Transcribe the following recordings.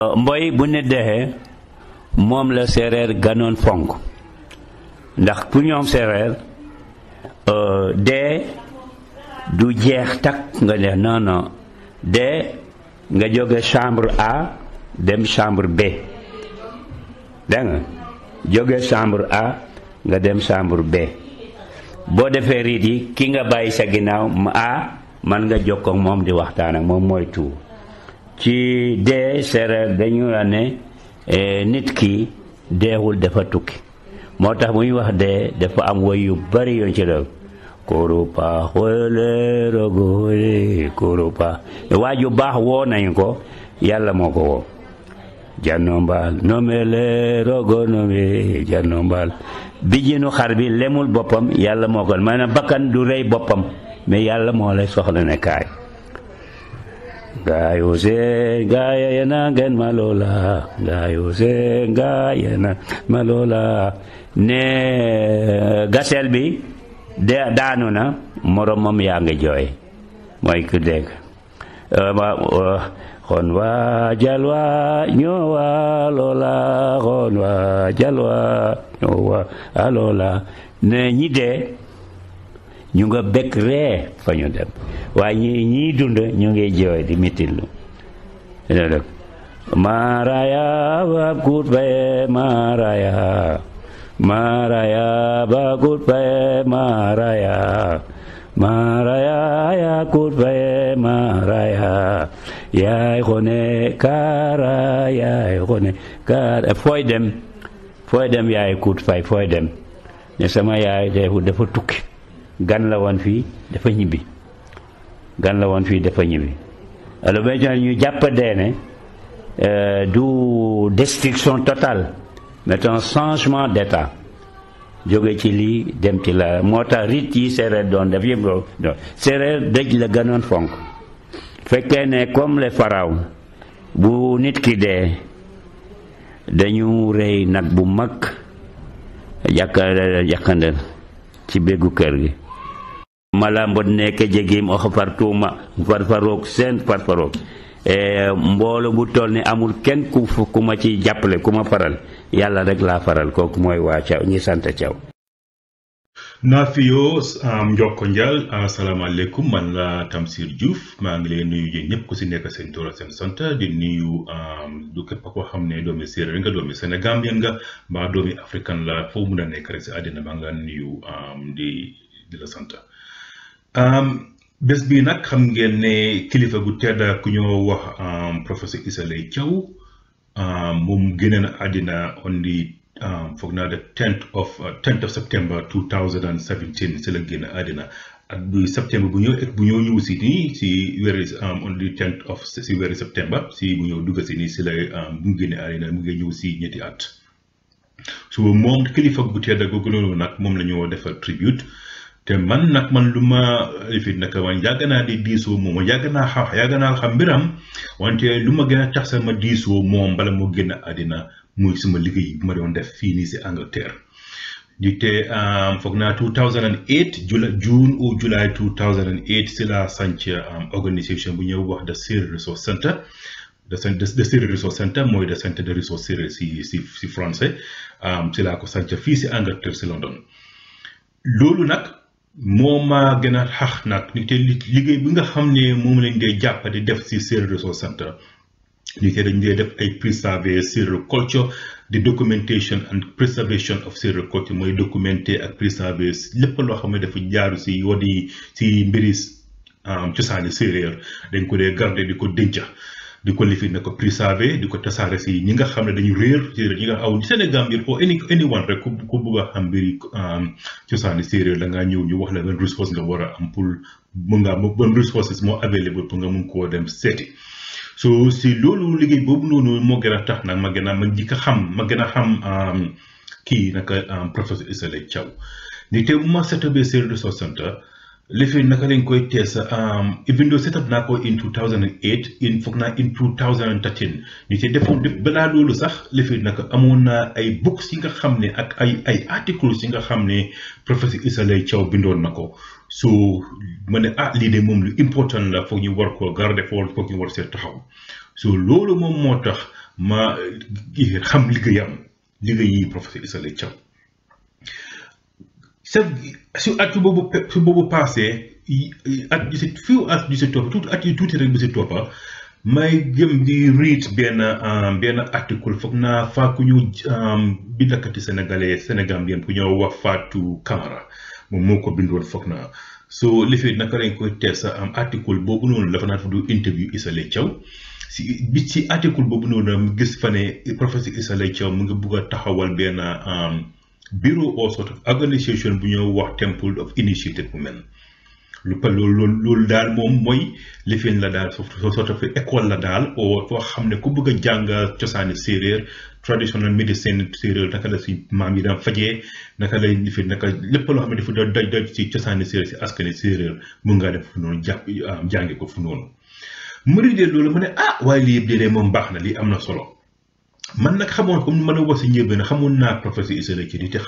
mboy bu ne dexe moom la séeréer ganoon fonk ndax pour ñoom séeréer euh, d du jeex takk nga ne non non dee nga jóge chambre A dem chambre B dégg nga jóge chambre A nga dem chambre B boo defee riit yi ki nga bàyyi sa ginnaaw ma A man nga jokkoo moom di waxtaan ak moom mooy tuur ci dee séeréer dañu la ne eh, nit ki deewul dafa tukki moo tax mu ñuy wax dee dafa am woy yu bari yoon ci loolu kurupa xoole rogoole kurupa waaju baax woo nañu ko yàlla moo ko woo jannombal nomele rogo nome jannombal bijinu xar bi lemul boppam yàlla moo ko maanaam bakkan du rey boppam mais yàlla moo lay soxla ne kaay Gayuse gayena gen malola, gayuse gayena malola. ne gasel bi de daanu na moromam yaa ngi jooy mooy ku dégg euh, euh, xon waa jalwa ñoo waa loola xon waa jalwa ñoo waa loola ñi dee ñu nga bekk ree fa ñu dem waaye ñi ñii dund ñu ngi jooy di mitin lu dëgg ba kut paye maaraya maaraya ba kut paye maaraya yaay xone kaara yaay xone kaara fooy dem fooy dem yaay kut fay fooy dem ne sama yaay defu dafa tukki gan la woon fii dafa ñibbi gan la woon fii dafa ñibbi lu may jox ñu jàppandee ne euh, du destruction total mais changement d'état jóge ci lii dem ci la moo tax rit yi séeréer doon def yëpp loolu séeréer dëj la gënoon fonk fekkee ne comme les pharaons bu nit ki dee dañu rey nag bu mag yàq ci béggu kër gi malambonneke jegiim o fartuma farfaroog seen farfaroog e, mboolo bu toll ni amul kenn ku ku ma jàppale ku ma faral yàlla rek laa faral kooku mooy waa Thiaw ñi sant Thiaw naafiyo njokko njal asalaamaaleykum man la Tamsir Diouf maa ngi leen nuyu yéen ñëpp ku si nekk seen tur seen sant di nuyu du képp koo xam ne doomi séeréer nga doomi sénégambien nga mbaa doomi africain la foo mun a nekk rek si àddina ma ngi la di la sant bés bi nag xam ngeen ne kilifa gu tedd ku ñoo wax professeur Issa Laye Thiaw moom génne na àddina on the foog naa de tenth of uh, tenth of september two thousand and seventeen si la génne àddina ak bu septembre bu ñëw bu ñëw ñëw si nii si weeri on the tenth of si si bu ñëw dugg si nii si la bu mu génne àddina mu ngi ñëw si ñetti at suba moom kilifa gu tedd googu noonu nag moom la ñoo defal tribute te man nag man lu ma lifit nag man yàgg naa di diisoo moom yàgg naa xam yàgg naa xam mbiram wante lu ma gën a tax sama diisoo moom bala moo a àddina muy sama liggéey bu ma doon def fii nii si Angleterre di te foog naa 2008 jula June ou July 2008 si la sanc organisation bu ñëw wax The Sierra Resource Centre The Sierra Resource Centre mooy the centre de ressources sérieuse si si si français si laa ko sanc fii si Angleterre si London loolu nag. moo ma gën a xax nag ni te liggéey bi nga xam ne moom lañ dee jàpp di def si Seereer Resource Centre ni te dañ dee def ay preserve Seereer culture di documentation and preservation of Seereer culture mooy documenter ak preserver lépp loo xam ne dafa jaaru si wadi si mbiri ah, cosaani Seereer dañ ko dee garder di ko denca di ko lifi ne ko préserver di ko tasaare si ñi nga xam ne dañu réer ci ñi nga aw Sénégal bi foo any anyone rek ku ku bëgg a xam mbiri cosaani séeréer da ngaa ñëw ñu wax la ban ressource nga war a am pour mën ngaa ban ressources moo available pour nga mun koo dem seeti so si loolu liggéey boobu noonu moo gën a tax nag ma gën ma njëkk xam ma gën a xam kii naka professeur Issa Laye Thiaw ni te bu ma seetabee Seereer Resource Centre Leafy naka lañ koy test um, even bindoo set up naa ko in 2008 in foog naa in 2013 ñu te defoon def balaa loolu sax Leafy naka amoon naa ay books si nga xam ne ak ay ay articles yi nga xam ne professeur Issa Laye Thiaw bindoon na ko so ma ne ah lii de moom lu important la foog ñu war ko garder foog foog ñu war see taxaw so loolu moom moo tax ma eh, xam liggéeyam liggéeyi professeur Issa Laye Thiaw su at boobu su boobu passé at yu si fiw at yu si topp tuuti at yu tuuti rek bu si toppa may gëm di read benn ah, benn article foog naa faa ku ñu ah, bindakati sénégalais sénégambien ku ñoo wax Fatou Camara moom moo ko bindoon foog naa so li fi naka lañ koy teel sa am article boobu noonu dafa naa fa du interview Issa Laye Thiaw si bi ci article boobu noonu mu gis fa ne professeur Issa Laye Thiaw mu ngi bugg a taxawal benn ah, bureau or sort of organisation bu ñoo wax temple of initiative women lu pal loolu daal moom mooy lifin la daal sort of école la daal oo foo xam ne ku bëgg a jàng cosaani séeréer traditional medicine séeréer naka la si maam yi daan fajee naka lay lifin naka lépp loo xam ne dafa daj daj si cosaani séeréer si askani séeréer mun ngaa def fu noonu jàpp jànge ko fu noonu mu ridee loolu mu ne ah waaye lii yëpp de moom baax na lii am na solo man nag xamoon ma la wax si njëlbéen xamoon naa professeur Issa Reck di te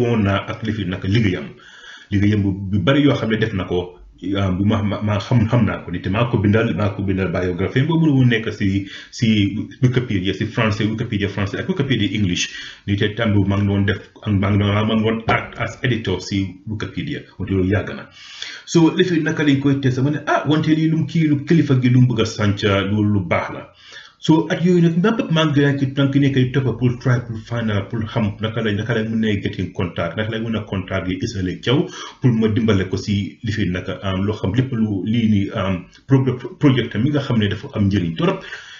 woon naa ak li fi liggéeyam liggéeyam bu bari yoo xam ne def na ko bu ma ma xam xam naa ko ni te maa ko bindal maa ko bindal biographie boobu mu nekk si si Wikipédia si français Wikipédia français ak Wikipédia English ni te tàmbu maa ngi doon def maa ngi doon maa ngi doon act as editor si Wikipédia wante loolu yàgg na so li naka lañ koy te sama ne ah wante lii lu mu kii lu kilifa gi lu mu bëgg a sànca lu baax la. so at yooyu nag ndax maa ngi gën a maa ngi nekk di topp pour try pour find pour xam naka lañ naka lañ mën a getting contact naka lañ mën a contact yi Ismaila Jaw pour ma dimbale ko si li fi naka loo xam lépp lu lii nii projet tam mi nga xam ne dafa am njëriñ torop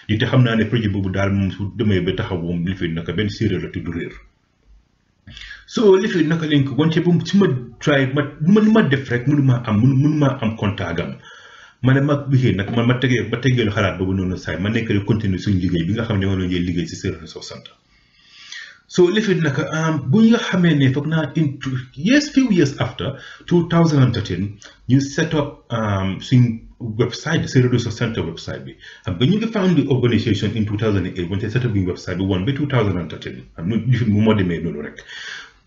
di te xam naa ne projet boobu daal moom su demee ba taxaw moom li fi naka benn séeréer la tudd réer so li fi naka lañ ko wante ba su ma try ma lu ma def rek mënu ma am mënu mënu maa am contact am ma ne ma gisee nag man ma tegee ma tegeelu xalaat boobu noonu saay ma nekk di continuer suñu liggéey bi nga xam ne moom la liggéey si Seereer soixante so lifin nga xamee ne foog naa in years few years after 2013 ñu set up suñ website Seereer Resource Centre website bi xam nga ñu ngi found the organisation in 2008 wante set up bi website bi woon ba 2013 am na lifin bu moo demee noonu rek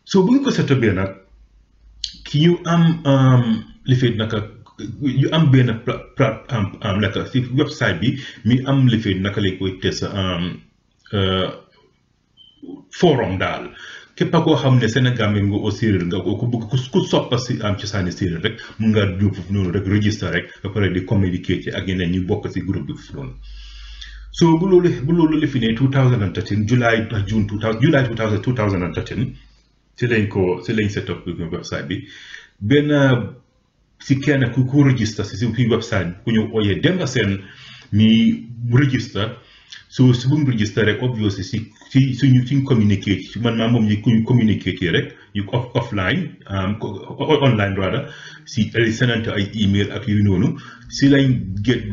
so bu ñu ko set up bee nag ki ñu am lifin nag ñu am benn pra am naka si website bi mi am lifin naka lañ ko koy test euh, forum daal képp koo xam ne Sénégal mi nga oo séeréer nga ko ku bëgg ku soppa si am ci saani séeréer rek mun ngaa jóg foofu noonu rek ci ak yeneen ñu bokk si groupe bi foofu noonu so bu loolu bu loolu lifi ne 2013 July ah, June 2000 July 2013 ci lañ ko ci lañ set up website bi benn si kenn ku ku register si suñ website ku ñu ooyee Demba Sane mi register so su mu register rek obviously si si suñu suñ communicate si man maa moom ñu kuñ communicate rek ñu off offline online rather si ay senante ay email ak yu noonu si lañ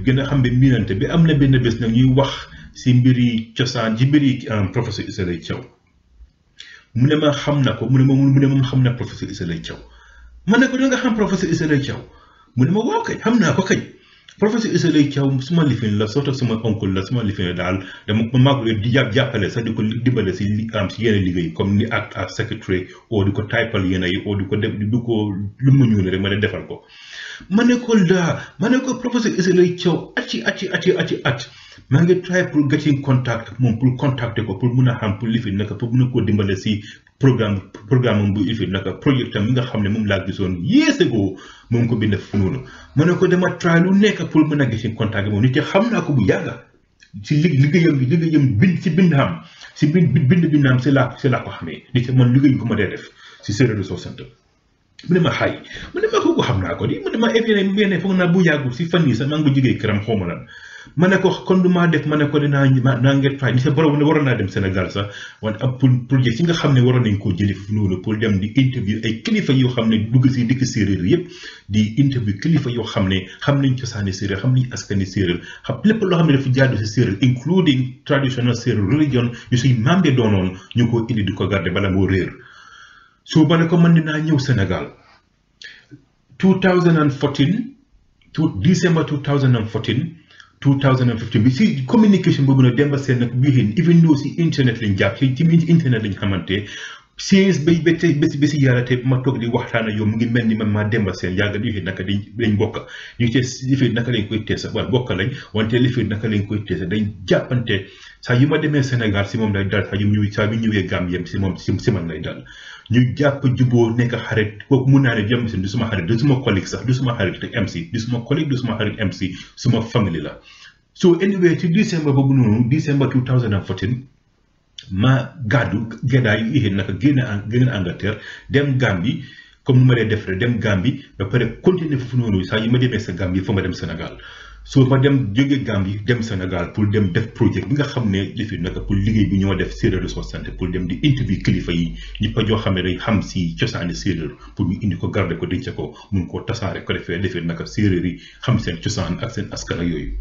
gën a xam ne miinante bi am na benn bés nag ñuy wax si mbiri cosaan ci mbiri professeur Issa lay Thiaw mu ne ma xam na ko mu ne ma mu ne ma xam na professeur Issa Laye Thiaw ma ne ko da nga xam professeur Issa Laye Thiaw mu ne ma waaw kañ xam naa ko kañ professeur Issa Laye suma lifin la soto suma oncle la suma lifin la daal dama maa ko di jàpp jàppale sax di ko dimbale si li am si yenn liggéey comme ni ak ak secretary oo di ko typal yenn oo du ko def du ko lu mu ñuul ma ne defal ko ma ne daa ma ne ko professeur Issa Laye Thiaw at ci at ci at ci maa ngi try pour get in contact ak moom pour contacter ko mun a xam pour li fi naka pour mun a koo dimbale si programme programme bu if naka am mi nga xam ne moom laa gisoon years moom ko bind fu noonu ma ne ko dama try lu nekk pour mun a get in contact moom nit xam naa ko bu yàgga si liggéeyam liggéeyam bind si bind xam si bind bind bindam si laa si laa ko xamee nit te man liggéey bu ma dee def si Seereer Resource Centre mu ne ma xay mu ne ma kooku xam naa ko di mu ne ma évier ne foog naa bu yàggul si fan yi sax maa ngi ko jógee këram xaw ma lan ma ne ko kon lu maa def ma ne ko dinaa ñu naa ngeen fay ni sa borom ne waroon naa dem senegal sax wane ab pour projet yi nga xam ne waroon nañ koo jëlee foofu noonu pour dem di interview ay kilifa yoo xam ne dugg si dëkk séeréer yëpp di interview kilifa yoo xam ne xam nañ cosaani séeréer xam nañ askani séeréer xam lépp loo xam ne dafa jaadu si séeréer including traditional séeréer religion yu suy membre doonoon ñu ko indi di ko garder bala moo réer soo ba ne ko mën dinaa ñëw Sénégal 2014 tout décembre 2014 2015 bi si communication boobu na Demba Seen nag bii xëy even though si internet lañ jàpp ci ci internet lañ xamante siis bay ba tey bési bési yàlla te ma toog di waxtaan ak yow mu ngi mel ni man maa Demba Seen yàgg yu xëy naka dañ dañ bokk te li fi naka lañ koy teesa wala bokk lañ wante li fi naka lañ koy teesa dañ jàppante saa yu ma demee Sénégal si moom lay dal saa yu ñëwee saa yu ñëwee Gambie si moom si man lay dal ñu jàpp juboo nekk xarit kooku mun naa ne jëm si du suma xarit du suma collègue sax du suma xarit te MC du suma collègue du suma xarit MC suma famille la soo anyway ci décembre boobu noonu décembre 2014 ma gàddu gàddaay yéexee naka génn génn Angleterre dem Gambie comme nu ma dee def rek dem Gambie ba pare continuer foofu noonu saa yi ma demee sa Gambie fa ma dem Sénégal su ma dem jóge Gambie dem senegal pour dem def projet bi nga xam ne defi naka pour liggéey bi ñoo def séeréer de soixante pour dem di interview kilifa yi joo xam ne rek xam si cosaani séeréer pour ñu indi ko garder ko denc ko koo tasaare ko defee defee naka séeréer yi xam seen cosaan ak seen askan ak yooyu.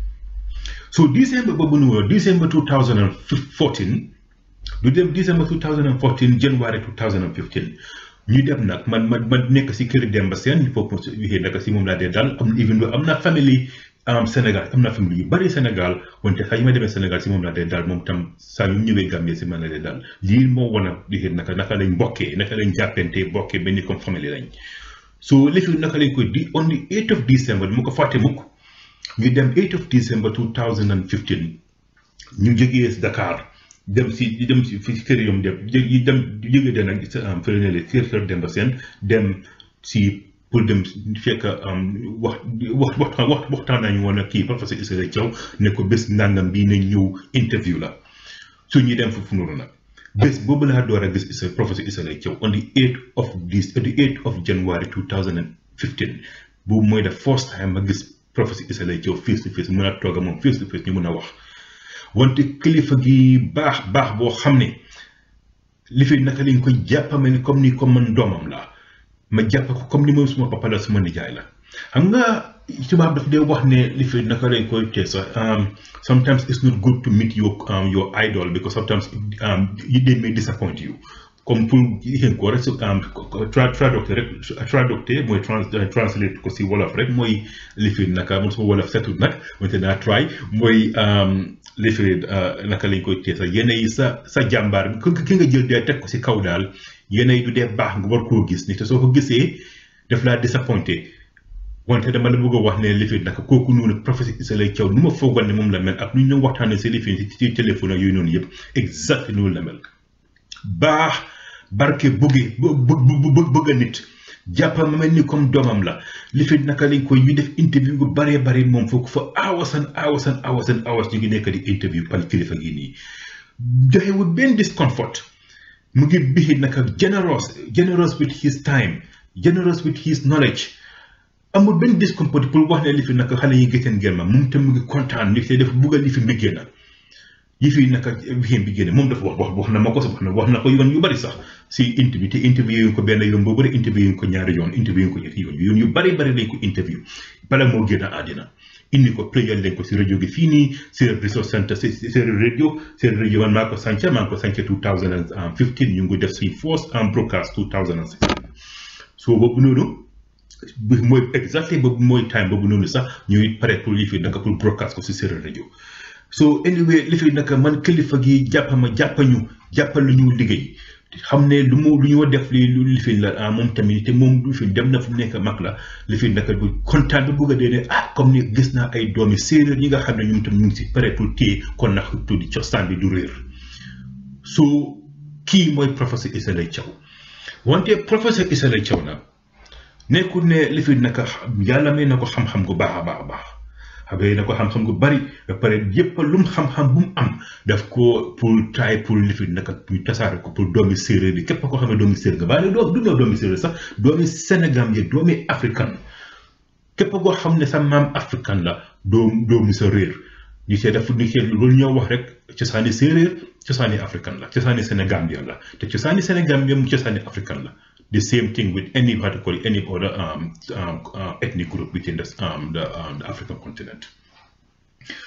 so December boobu noonu December 2014 du dem December 2014 January 2015. ñu dem nag man man man nekk si kër Demba Seen foofu naka si moom laa dee daal am na even am na famille am Sénégal am na film yu bari Sénégal wante saa yi may demee Sénégal si moom laa dee daal moom la dee daal lii moo wan a di naka naka lañ bokkee naka lañ jàppante bokkee benn comme famille lañ so léegi naka lañ koy di on the 8 of December mu ko fàtte mukk ñu dem 8 of December 2015 ñu jógee Dakar dem si dem si fi kër yom dem yi dem jógee de nag ah, fële ne la kër kër Demba Seen dem si pour dem fekk wax wax wax waxtaan nañu woon ak kii professeur Issa Thiaw ne ko bés nangam bii nañ ñëw la su ñuy dem foofu noonu a gis Issa professeur Issa Thiaw on the eight of this the eight of first time a toog moom face to ñu mën a wax wante kilifa gi baax baax boo xam ne li fi naka lañ ko jàppamee ni ko man doomam la ma jàpp ko comme ni ma suma papa la suma nijaay la xam nga tubaab daf dee wax ne li fi naka lañ koy tee sax um, sometimes it's not good to meet your um, your idol because sometimes um, they may disappoint you comme pour yéen ko rek su tra traducte rek traducte mooy trans euh, ko si wolof rek mooy li fi naka moom suma wolof setul nag wante naa try mooy li fi euh, naka lañ koy tee sax yenn yi sa sa jàmbaar ki nga jël dee teg ko si kaw daal. yéenay du dee baax nga war koo gis ni te soo ko gisee daf laa disappointé wante dama la bëgg a wax ne lifin naka kooku noonu professeur Issa Laye Thiaw nu ma foogoon ne moom la mel ak nu ñu waxtaanee si lifin ci téléphone ak yooyu noonu yëpp exact noonu la mel baax barke bëgge bëgg bëgg a nit jàppal ma mel ni comme doomam la lifin naka lañ koy ñu def interview bu baree bare moom foog fa aawasan aawasan aawasan aawas ñu ngi nekk di interview pal kilifa gi nii joxewul benn discomfort mu ngi bixi naka generous generous with his time generous with his knowledge amul benn discomfort wax ne li naka xale yi géteen ngeen te mu ngi kontaan li fi def bugg a li fi yëf yi naka vien bi génne moom dafa wax wax wax na ma ko sax wax na wax na ko yoon yu bari sax si interview ko benn yoon rajo gi fii nii Sérère Resource Center Sérère rajo Sérère rajo man maa ko sànca maa ngi ko sànca 2015 ñu ngi ko def si force en broadcast 2016 soo boobu noonu mooy exactement boobu mooy time boobu noonu sax ñuy pare pour yi fi naka pour broadcast ko si Sérère rajo so anyway li fi naka man kilifa gi jàppama jàppañu jàppal ñu liggéey xam ne lu mu lu ñu def li li fi la ah, moom tamit te moom du fi dem na fu mu nekk mag la li fi naka bu kontaan bi bëgg a dee ne ah comme ni gis naa ay doomi séeréer yi nga xam ne ñoom tam ñu ngi si pare pour téye kon nag tuddi cosaan bi du réer so kii mooy professeur Essa Laye Thiaw wante professeur Essa Laye Thiaw na nekkul ne li fi naka yàlla may na ko xam-xam gu baax a baax a baax xabeyi na ko xam-xam gu bari ba pare yëpp lum xam-xam bu mu am daf ko pour taay pour lifin nag ak pour ko pour doomi séeréer bi képp koo xam ne doomi séeréer nga baa ne doo du ñëw doomi séeréer sax doomi Sénégal yi doomi africain képp koo xam ne sa maam africain la doom doomi sa réer ñu see def ñu see loolu ñoo wax rek cosaani séeréer cosaani africain la cosaani Sénégambien la te cosaani Sénégambien mu cosaani africain la the same thing with any what you call it, any other um, um, uh, ethnic group within um, um, the, African continent.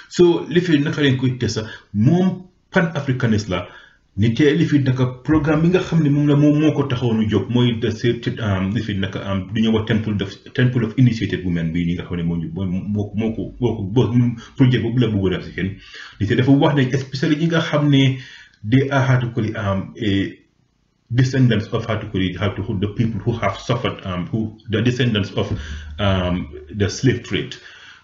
So li fi naka leen koy tesa moom pan africaniste la ni te li fi naka programme bi nga xam ne moom la moom moo ko nu jóg mooy de se li fi naka am du ñu wax temple of temple of initiated women bii ñi nga xam ne moo ñu moo moo ko moo ko projet boobu la bëggoon a def si ni te dafa wax ne especially ñi nga xam ne de ahaatu ko descendants of how to, it, how um, um, the slave trade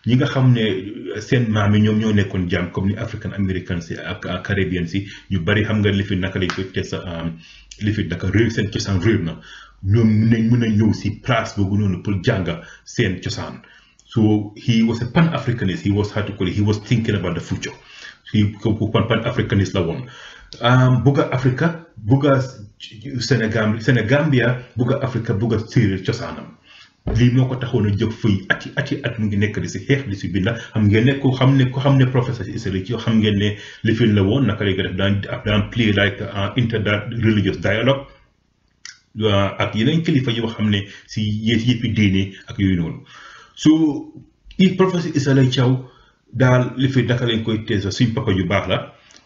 ñi nga xam ne seen maam yi ñoom ñoo nekkoon jaam comme ni African Americans yi ak Caribbean si ñu bari xam nga li fi naka lañ koy te sa um, li fi naka réew seen cosaan réew na ñoom nañ mën a ñëw si place boobu noonu pour jànga seen cosaan so he was a pan Africanist he was how to call it he was thinking about the future he pan Africanist la woon bugg Africa bugg Sénégal Sénégambia bugg a Afrique bugg a séeréer cosaanam lii moo ko taxoon a jóg fëy ati ati at mu ngi nekk di si xeex di si binda xam ngeen ne ku xam ne ku xam ne yoo xam ngeen ne la woon naka lay ko def daan daan play like en inter religious dialogue ak yeneen kilifa yoo xam ne si yéen yëppi diine ak yooyu noonu su i professeur Issa Laye daal li fi naka lañ koy tees suñ papa yu baax la.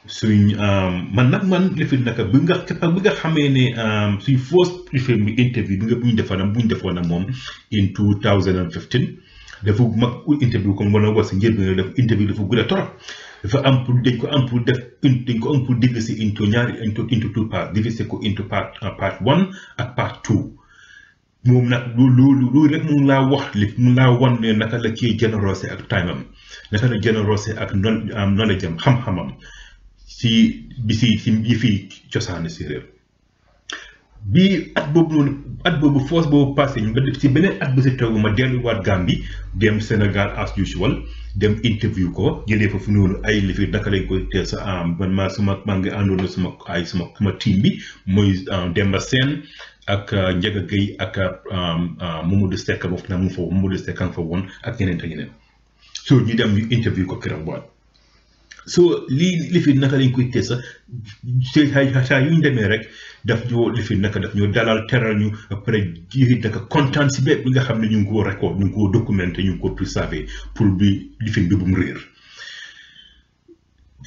suñ euh, man nag man lifin naka bi nga képpag bi nga xamee ne euh, suñ first lifin bi interview bi nga buñ defoon buñ defoon ak moom in 2015 dafa mag interview comme wala wax si njëlbeen def interview dafa gudd a torop dafa am pour dañ ko am pour def dañ ko am pour diviser into ñaari into into two part diviser ko into part euh, part one ak part two moom nag loolu loolu rek mun laa wax li mun laa wan ne naka la kii générosité ak time am naka la générosité ak non am knowledge am xam-xamam ci bi si si yi fi cosaanu séeréer bii at boobu noonu at boobu foos boobu passé ñu nga def si beneen at bu si tegu ma delluwaat Gambie dem Sénégal as usual dem interview ko jëlee fa fu noonu ay lifi naka lañ koy teel sa am ah, man maa suma maa ngi a na suma ay suma suma bi mooy ah, Demba Sène ak ah, Ndiaga Gueye ak Mamadou boobu naa mu fa Mamadou Seck a nga fa woon ak ñeneen ak ñeneen so ñu dem interview ko keroog bu so lii lifin naka lañ koy tesa saa yuñ demee rek daf ñoo lifin naka daf ñoo dalal teral ñu après yéen naka kontaan si bépp bi nga xam ne ñu ngi ko record ñu ngi ko documenté ñu ngi ko préserver pour bi lifin bi bu mu réer.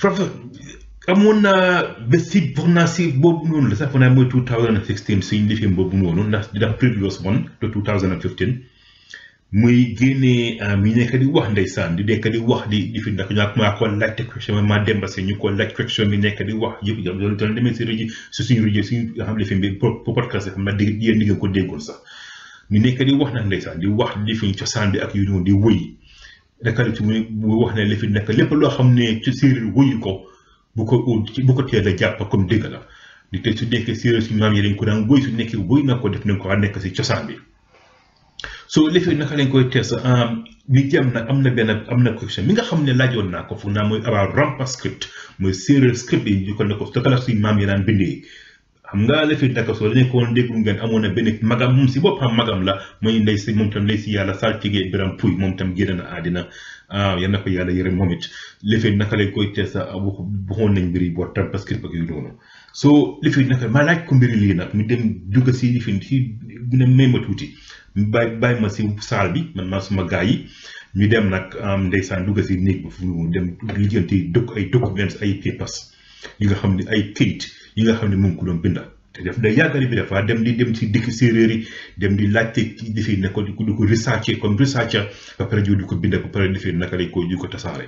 Fatou amoon naa ba si naa si boobu noonu la sax foog naa mooy 2016 suñ lifin boobu noonu ndax dafa previous one de 2015. muy génnee euh, mi nekk di wax ndeysaan di nekk di wax di di fi ndax ñaa maa ko laajte question maa demba si ñu ko laaj question bi nekk di wax yëpp yëpp loolu tamit suñu rajo ne fi mu di ko déggoon sax mi nekk di wax di wax di fi cosaan bi ak yu noonu di wëy dakar ci muy mu wax ne li fi nekk lépp loo xam ne ci séeréer wëyu ko bu ko bu ko teel a jàpp comme dëgg la di te su nekkee séeréer suñu maam yi dañ ko daan wëy su nekkee wëy na ko def nañ ko nekk si cosaan bi so lefee naka lañ koy test bi um, jëm nag am na benn am na question mi nga xam ne laajoon naa ko foog naa mooy about rampa script mooy séeréer script yi ñu ko ne ko takala suñ maam yi daan bindee xam nga lefee naka soo dañu ko woon déglu ngeen na benn magam moom la mooy ndey si moom tam ndey si yàlla saltige biram puy moom tam génn na àddina ah, yal na ko yàlla yërëm moom it ah, laaj ko mbiri lii nag mu dem si lifin si may ma tuuti bàyyi bàyyi ma si saal bi man maa suma gars yi ñu dem nag am ndeysaan dugg si néeg ba fu mu dem lijjanti dëkk ay documents ay papers yi nga xam ni ay kayit yi nga xam ne moom ku doon binda te def day yàggali bi dafa dem di dem ci dikk séeréer yi dem di laajte ci defi ne ko di ko recherche comme recherche ba pare jiw di ko binda ba pare defi naka lay ko di ko tasaare.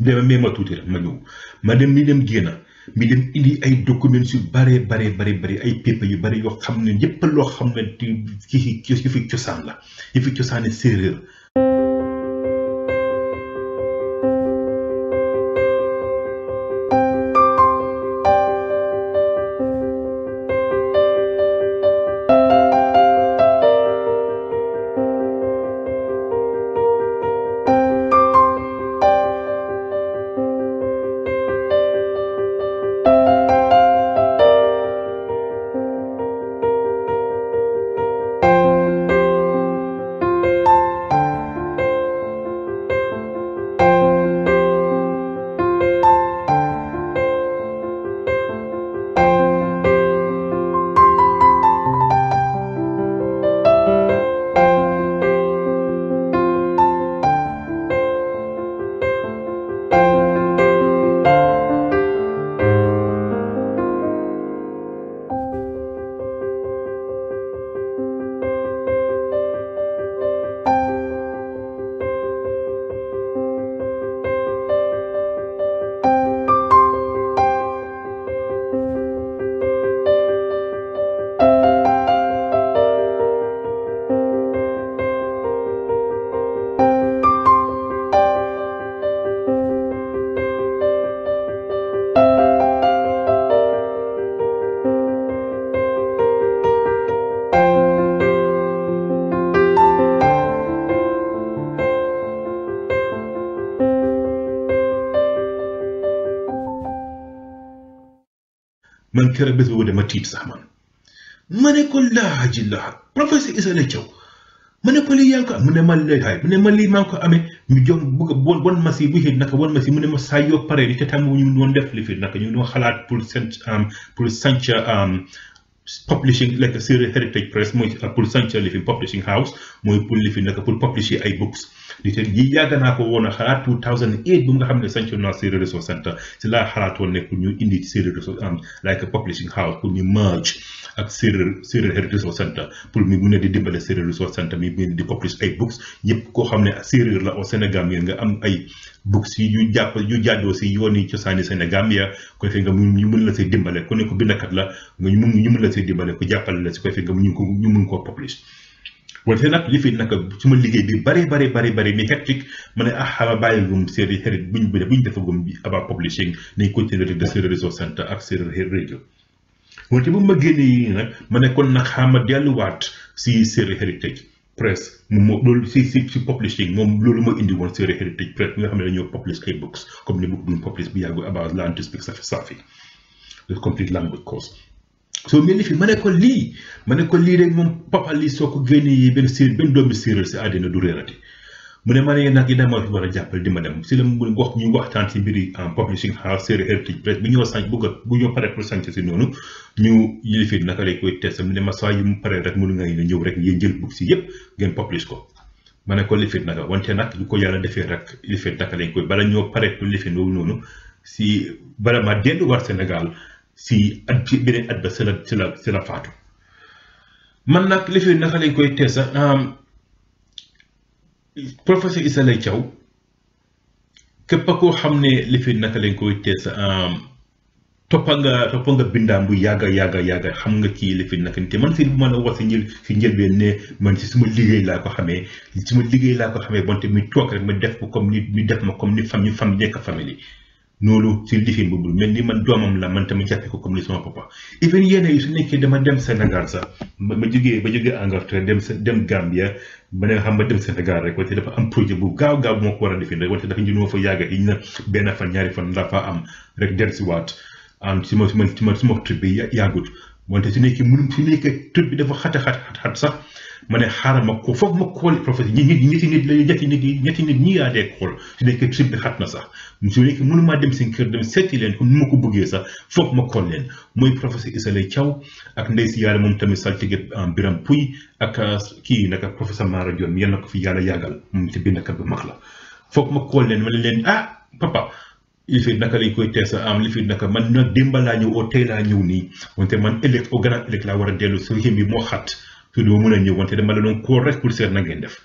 dama méema tuuti rek ma ñëw ma dem ni dem génna mi dem indi ay documents yu bare bare bare bare ay papiers yu bare yoo xam ne yëpp loo xam ne ci ki ci fi cosaan la ci fi cosaane séeréer keroog bés boobu dama tiit sax man ma ne ko laa ji laa professeur Issa Laye ma ne ko lii yaa ko am mu ne ma lay xaay ne ma lii maa ngi ko amee mu jom bëgg bon bon masi bu xëy naka bon masi mu ma saa yoo paree ni ca tàmm ñu doon def li fi naka ñu doon xalaat pour seen pour sanc publishing like Syrian Heritage Press mooy pour sanca li fi publishing house mooy pour li fi nag pour publisher ay books li te yàgg naa ko woon a xalaat 2008 bu nga xam ne sanco naa Syrian Resource Center si laa xalaatoon ne pour ñu indi Syrian Resource am like publishing house pour ñu merge ak Seereer Seereer Heritage Centre pour mi mu ne di dimbale Seereer Resource Centre mi mu di publish ay books yëpp koo xam ne Seereer la au Sénégal ngeen nga am ay books yi yu jàpp yu jaadoo si yooni cosaani Sénégal ya ko defee nga ñu mën la see dimbale ku ne ko bindkat ñu mën ñu mën la see dimbale ku ko defee nga ñu ko ñu mën koo publish wala te nag li fi bari bari bari bari mi hectique ma ne ah xama bàyyi gum Seereer Heritage buñ buñ defagum bi de Seereer Resource Centre ak Seereer Radio moo tax bu ma génnee yii nag ma ne kon nag xaama waat si Séré Heritage Press moom loolu si si si publishing moom loolu moo indi woon Séré Heritage Press nga xam ne dañoo publish ay books comme ni book duñ publish bi yàggu about land to speak safi safi the complete language course soo mel ni fi ma ne ko lii ma ne ko lii rek moom papa lii soo ko génnee yi benn séer benn doomi séeréer si àddina du réerati mu ne ma ne nag yi dama war a jàppale di ma dem si la a ah, bu ma saa lifit nag lu Sénégal si at bi beneen at ba si la si la si la faatu man nag lifit naka lañ koy test ah, professeur Issa Laye Thiaw képp koo xam ne li fi naka lañ koy tees euh, toppa nga toppa nga bindaam bu yàgga yàgga yàgga xam nga kii li fi naka te man si bu man la wax si njël si njëlbeen ne man si suma liggéey laa ko xamee si ma liggéey laa ko xamee bonte mi toog rek ma def ko comme ma comme ni famille famille nekk famille noonu si lifin boobu mel ni man doomam la man tamit jàppe ko comme ni sama papa even yenn yi su nekkee dama dem Sénégal sax ma jógee ba jógee Angleterre dem dem ba nga xam ba dem Sénégal rek wante dafa am projet bu gaaw gaaw bu ma ko war a defee rek wante dafa ñu ma fa na benn fan ñaari fan laa fa am rek dellusiwaat am si ma si ma si ma trip bi yàggut wante su nekkee mënum si nekkee trip bi dafa xat a xat xat sax. ma xaaral ma ko foofu ma kool professeur ñi ñetti nit lañu ñetti nit na sax su nekkee mënumaa dem seen kër dem seeti leen comme ni ma ko bëggee sax foofu ma kool leen mooy professeur Issa tamit saltige Biram Puy ak ah, kii naka professeur Mara Dione yal na ko fi yàlla yàggal moom ci bindkat bu mag la foofu kool leen ma ne leen ah papa li fi naka lañ koy tees am li fi naka man nag démb laa ñëw oo tey laa ñëw nii wante man ëllëg au grand ëllëg laa war a dellu su bi moo xat te doo mën a ñëw wante dama la doon koo rek pour seet na ngeen def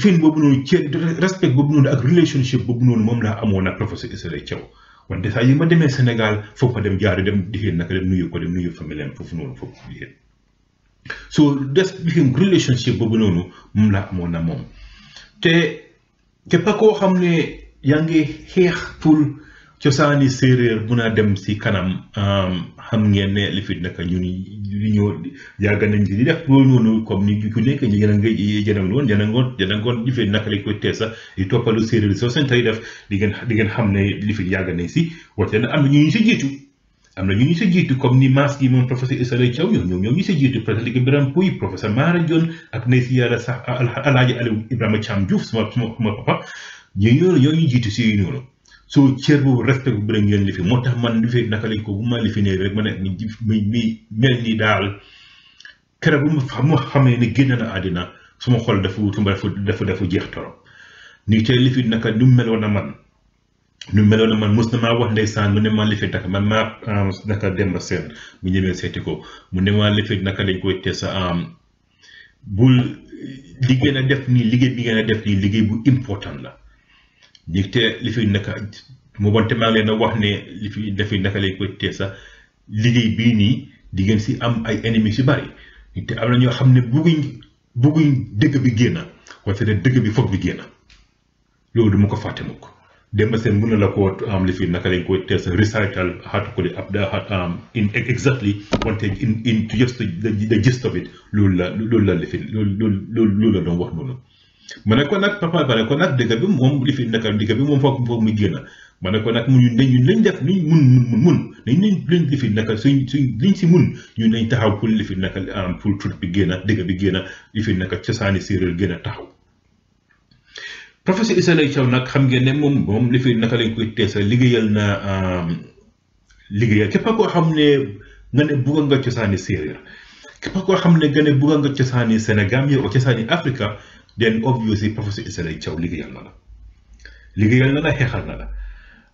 film boobu noonu ci respect boobu noonu moom laa amoon ak professeur demee Sénégal foog dem jaari dem dixéen naka dem nuyu ko dem nuyu famille foofu noonu foofu so des bixim relationship boobu noonu moom laa na moom te képp koo xam ne yaa ngi xeex pour cosaani séeréer mun a dem si kanam xam ngeen ne naka ñun li ñoo yàgg nañ ci di def loolu noonu comme ni ku nekk ñi jëna nga jëna ngoon jëna ngoon jëna ngoon jëfee naka lañ koy tee di toppalu séeréer soo seen tey def di xam ne li fi yàgg nañ si wante am na ñu ñu si jiitu am na ñu ñu si jiitu comme ni maas gi moom professeur Issa Laye Thiaw ñoom ñoom ñu si jiitu professeur Ligi Biram Pouy professeur Mara Dione ak nay si yàlla sax alaaji Aliou Ibrahima Thiam Diouf sama sama papa ñu ñoo ñu jiitu si noonu soo cër boobu respect bu bëri ngeen li fi moo tax man li fi naka lañ ko bu ma li fi nee rek ma ne mi mi mel ni daal keroog bu ma xamee ne génn na àddina suma xol dafa suma dafa dafa dafa jeex torop ni tey li fi naka nu meloon na man nu meloon na man mos na maa wax ndeysaan mu ne maa li fi naka man maa naka Demba Seen mu ñëwee seeti ko mu ne maa li naka dañ koy teel sa bul li ngeen a def nii liggéey bi ngeen a def nii liggéey bu important la. te li fi naka mu bon maa leen a wax ne li fi dafay naka lay ko tee sax liggéey bii nii di ngeen si am ay ennemis yu bari te am na ñoo xam ne bugguñ bugguñ dëgg bi génn wante ne dëgg bi foog bi génn loolu du ma ko fàtte mukk Demba Seen mën na la koo am li fi naka lañ koy teel sa recital how to call it up in exactly wante in in just the gist of it loolu la loolu la li fi loolu loolu loolu la doon wax noonu. ma ne ko nag papa ma ne ko nag dëkk bi moom li fi nekkal dëkk bi moom foog foog muy génn ma ne ko nag mu ñun dañu lañ def luñ mun mun mun nañ lañ lañ li fi nekkal suñ suñ liñ si mun ñun dañ taxaw pour li fi nekkal am ah, pour tur bi génn dëkk bi génn li fi nekkal cosaani séeréer génn taxaw. professeur Issa Laye Thiaw nag xam ngeen ne moom moom li fi naka lañ koy teesal liggéeyal na ah, liggéeyal képp koo xam ne nga ne bugg nga cosaani séeréer képp koo xam ne nga ne bugg nga cosaani Sénégal yow cosaani Afrika. then obviously Professor Issa Laye Thiaw liggéeyal na la liggéeyal na la xeexal na la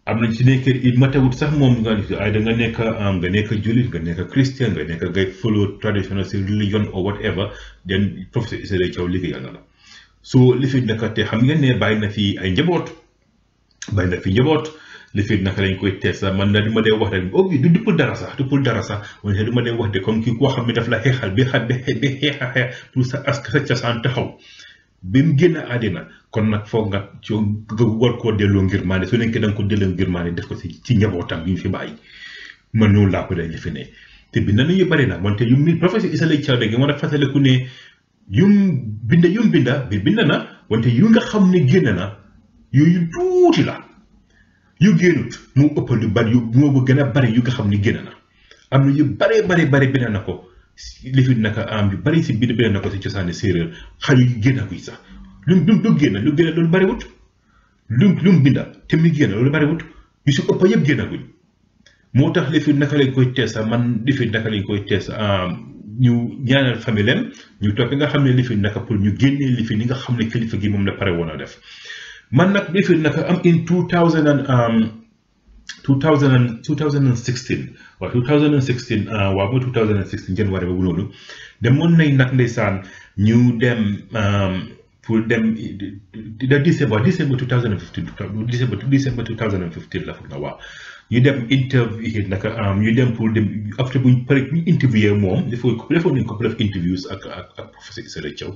am na ci nekk it matawut sax moom nga ay da nga nekk nga nekk jullit nga nekk christian nga nekk ngay follow traditional religion or whatever then Professor Issa Laye liggéeyal na la so li naka te xam ngeen ne bàyyi na fi ay njaboot bàyyi na fi njaboot li fi naka lañ koy tees man na du ma dee wax rek obvi oh, du du pour dara sax du pour dara sax man du ma dee wax de comme kii koo xam ne daf la xeexal bi bi xeexa xeex sa askan sa cosaan bi mu génn àddina kon nag foog nga ci war koo delloo ngir maane su nekkee da nga ko delloo ngir maane def ko si ci njabootam yu ñu fi bàyyi man noonu laa ko day li ne te bind nañu bëri na wante yu mi professeur Issa Laye Thiawde gi moo tax fàttaliku ne yum binda yum binda bi na wante yu nga xam ne génn na yooyu tuuti la yu génnut mu ëppal yu bari yu moo gën a bari yu nga xam ne génn na am na yu baree bari bari bind na ko lifin naka am yu bari si bind beneen na ko si cosaani séeréer xaju génn kuy sax lu lu lu génn lu génn loolu bariwut lu lu mu binda te mu génn loolu bariwut yu si ëpp yëpp génn kuñ moo tax lifin naka lañ koy teesa man ñu ñaanal famille ñu toog nga xam ne lifin naka pour ñu génnee lifin ni nga xam ne kilifa gi moom la pare woon a def man nag lifin naka am in 2000 and um, 2000 2016 waaw 2016 uh, waaw mooy 2016 janvier boobu noonu demoon nañ nag ndeysaan ñu dem um, pour dem de décembre décembre 2015 décembre décembre 2015 la foog na waaw ñu dem interview naka um, ñu dem pour dem après bu ñu paree bu ñu interviewé moom defoon nañ ko def interviews ak ak ak professeur Issa Laye Thiaw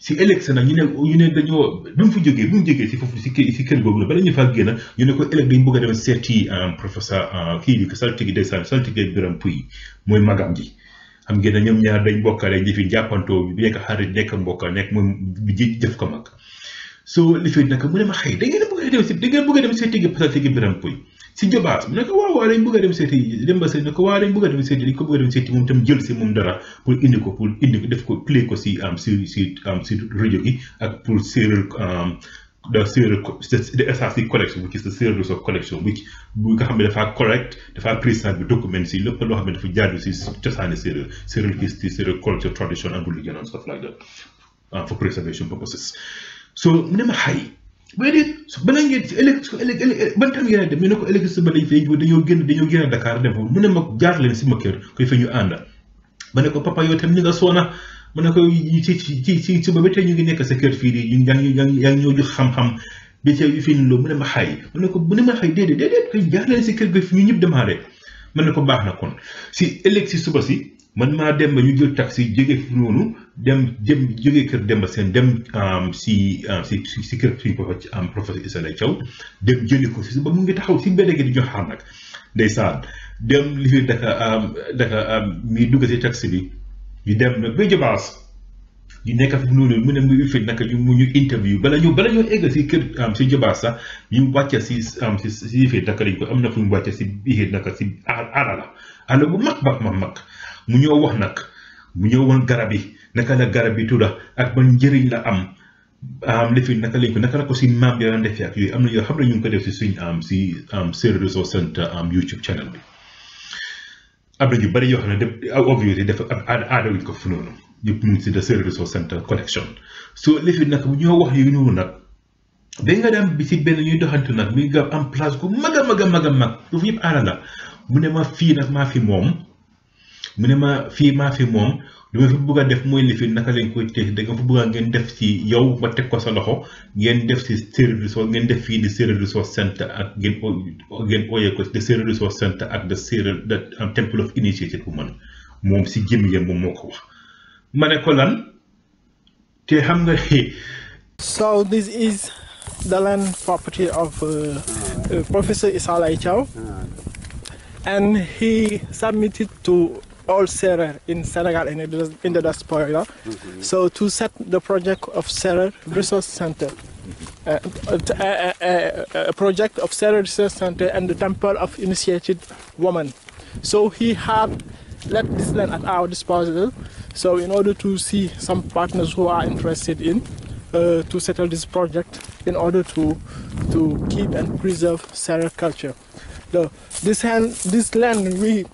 si élection nag ñu ne ñu ne dañoo bi mu fa jógee bi mu jógee si foofu si kër si kër googu nag bala ñu faa génn ñu ne ko éleg dañu bëgg a dem seeti euh, professeur euh, kii bi saltige ndeysaan saltige Biram Puy mooy magam ji xam ngeen ne ñoom ñaar dañ bokkale jëfin jàppantoo bi nekk xarit nekk mbokka nekk moom ji jëf ko mag soo lifin nag mu ne ma xëy da ngeen bëgg a dem si da ngeen bëgg a saltige Biram si jabaas mu ne ko waaw waaw dañ bëgg a dem seeti Demba Sey ne ko waaw dañ bëgg a dem seeti dañ ko bëgg a dem seeti moom tam jël si moom dara pour indi ko pour indi ko def ko play ko si am si si am si rajo gi ak pour séeréer da séeréer de essence yi collection bu ci sa séeréer sa collection bu bu nga xam ne dafaa correct dafaa présent bi document si lépp loo xam ne dafa jaadu si cosaani séeréer séeréer history séeréer culture tradition ak lu gënoon stuff like that ah, for preservation purposes so mu ne ma xay mais déet su ba ngeen si ëllëg su ban tam ngeen dem ñu ko ëllëg suba dañ fay dañoo génn dañoo génn Dakar dem foofu mu ne ma jaar leen si ma kër koy fi ñu ànd ba ne ko papa yow tam ni nga soona mu ne ko ci ci ci suba ba tey ñu ngi nekk sa kër fii di yaa ngi yaa ngi bi fii nii loolu mu ne ma ko bu ne ma xay si kër ga fi ñu ñëpp démarré mu ne ko baax na kon si ëllëg si suba si man maa dem ba ñu jël si jóge fi noonu dem dem jógee kër Demba seen dem si si si kër suñu professeur Issa Laye Thiaw dem jëli ko si ba mu ngi taxaw si mbedd gi di jox xaar nag ndeysaan dem li fi daka daka mi dugg si taxi bi ñu dem nag ba Jobaas ñu nekk fi mu noonu mu ne muy fi naka ñu mu ñu interview bala ñu bala ñoo egg si kër si Jobaas sax ñu wàcce si si si fi naka dañ ko am na fu ñu wàcce si biir naka si aada la bu mag mag mag mag mu ñëw wax nag mu ñëw woon garab yi. naka la garab bi tudda ak ban njëriñ la am am li fi naka lañ ko naka la ko si maam yooyu am na yoo xam ne ñu ngi ko def si suñ si am Seereer Resource Centre am YouTube channel bi am na ñu bëri yoo xam ne def ah, obviously dafa aada aada wuñ ko fu noonu yëpp mu ngi si de Seereer Resource Centre connection so li fi nag bu ñoo wax yooyu noonu nag day nga dem bi si benn ñuy doxantu nag muy gab am place ku mag a mag a mag a mag foofu mu ne ma fii nag maa fi moom mu ne ma fii maa fi moom li ma fi bëgg a def mooy lifin naka leen koy téye da nga fa bëgg ngeen def ci yow ba teg ko sa loxo ngeen def ci Seereer Resource ngeen def fii di Seereer Resource Centre ak ngeen o ngeen ooyee ko de Seereer Resource Centre ak de Seereer de Temple of Initiation bu moom si jëm yem moom moo ko wax ma ne ko lan te xam nga. so this is the land property of uh, uh, Professor Issa Lai Thiaw and he submitted to. all Serer in Senegal and in the diaspora. Mm-hmm. So to set the project of Serer Resource Center, mm-hmm. uh, a, uh, a, uh, uh, a, project of Serer Resource Center and the Temple of Initiated Woman. So he had let this land at our disposal. So in order to see some partners who are interested in uh, to settle this project in order to keep and preserve culture. this, land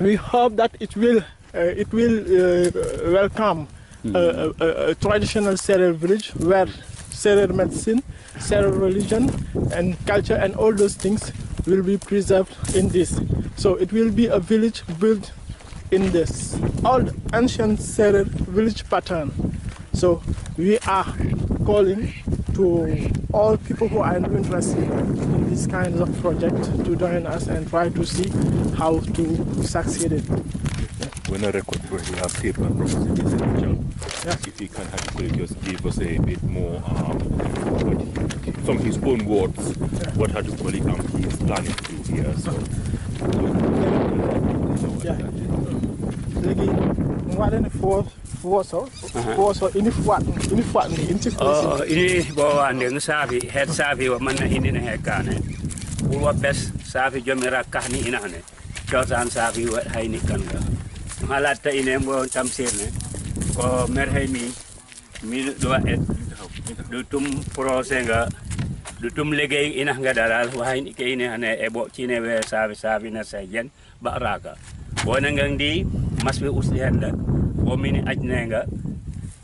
we hope that it will uh, it will uh, welcome hmm. uh, a traditional Serer village where Serer medicine, Serer religion and culture and all those things will be preserved in this. ancient Serer village pattern. So we are calling to all people who are interested in this kind of project to join us and try to see how to succeed it. We're not recording, but we have paper and properties in the job. Yeah. If you can actually just give us a bit more um, from his own words, yeah. what had you call it, um, he is planning to do here. So, yeah. léegi mu wax leen foofu woso woso ini fuat ini fuat ni ini oh, oh ini bawa ande ngesafi head safi wa mana ini ne hekane ulwa pes safi jomera kahni inane chosan safi wa haini kanga halata ine mbo tamsirne ko mer haini mi do et dutum prosenga dutum legay ina nga dalal wahin ike ina hane ebo chine we safi safi na sajen ba raga wonangang di maswe uslihan dan womini aƴnenga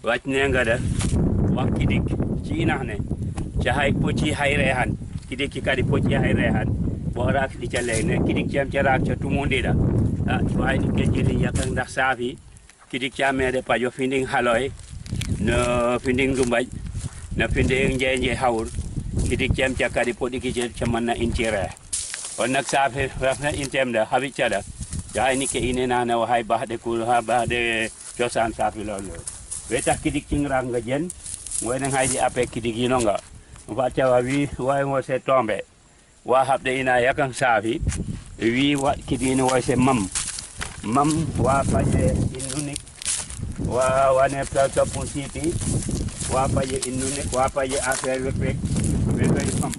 waƴnenga ɗa wan kiɗik ciinahne cahay pocci hayre han kiɗikki kadi pocci hayre han bo raak ɗi ca leyne kiɗik cam ca raak ca tumundiɗa a ah, wayni kejjiri yakak dak saafi kiɗik ca meɗe paƴo findin haloy no findin ndumbaƴ no findin njeje hawr kiɗik cam ca kadi poɗiki ca manna intire on nak saafi rafna intem ɗa haɓicca ɗa hayni ke inenanawa hay bahɗe kur ha bahɗe cosaan saafiloolu we tax kidik cingraak nga jen ngoyne haydi ape kidik yinonga mfa cawa wi wayngo se tombe wa habde ina yakan saafi wi wa kidini way se mam mam wa paje innunik wa wane toppun siiti wa paje innunik wa paje affaire wek wek wek wek mam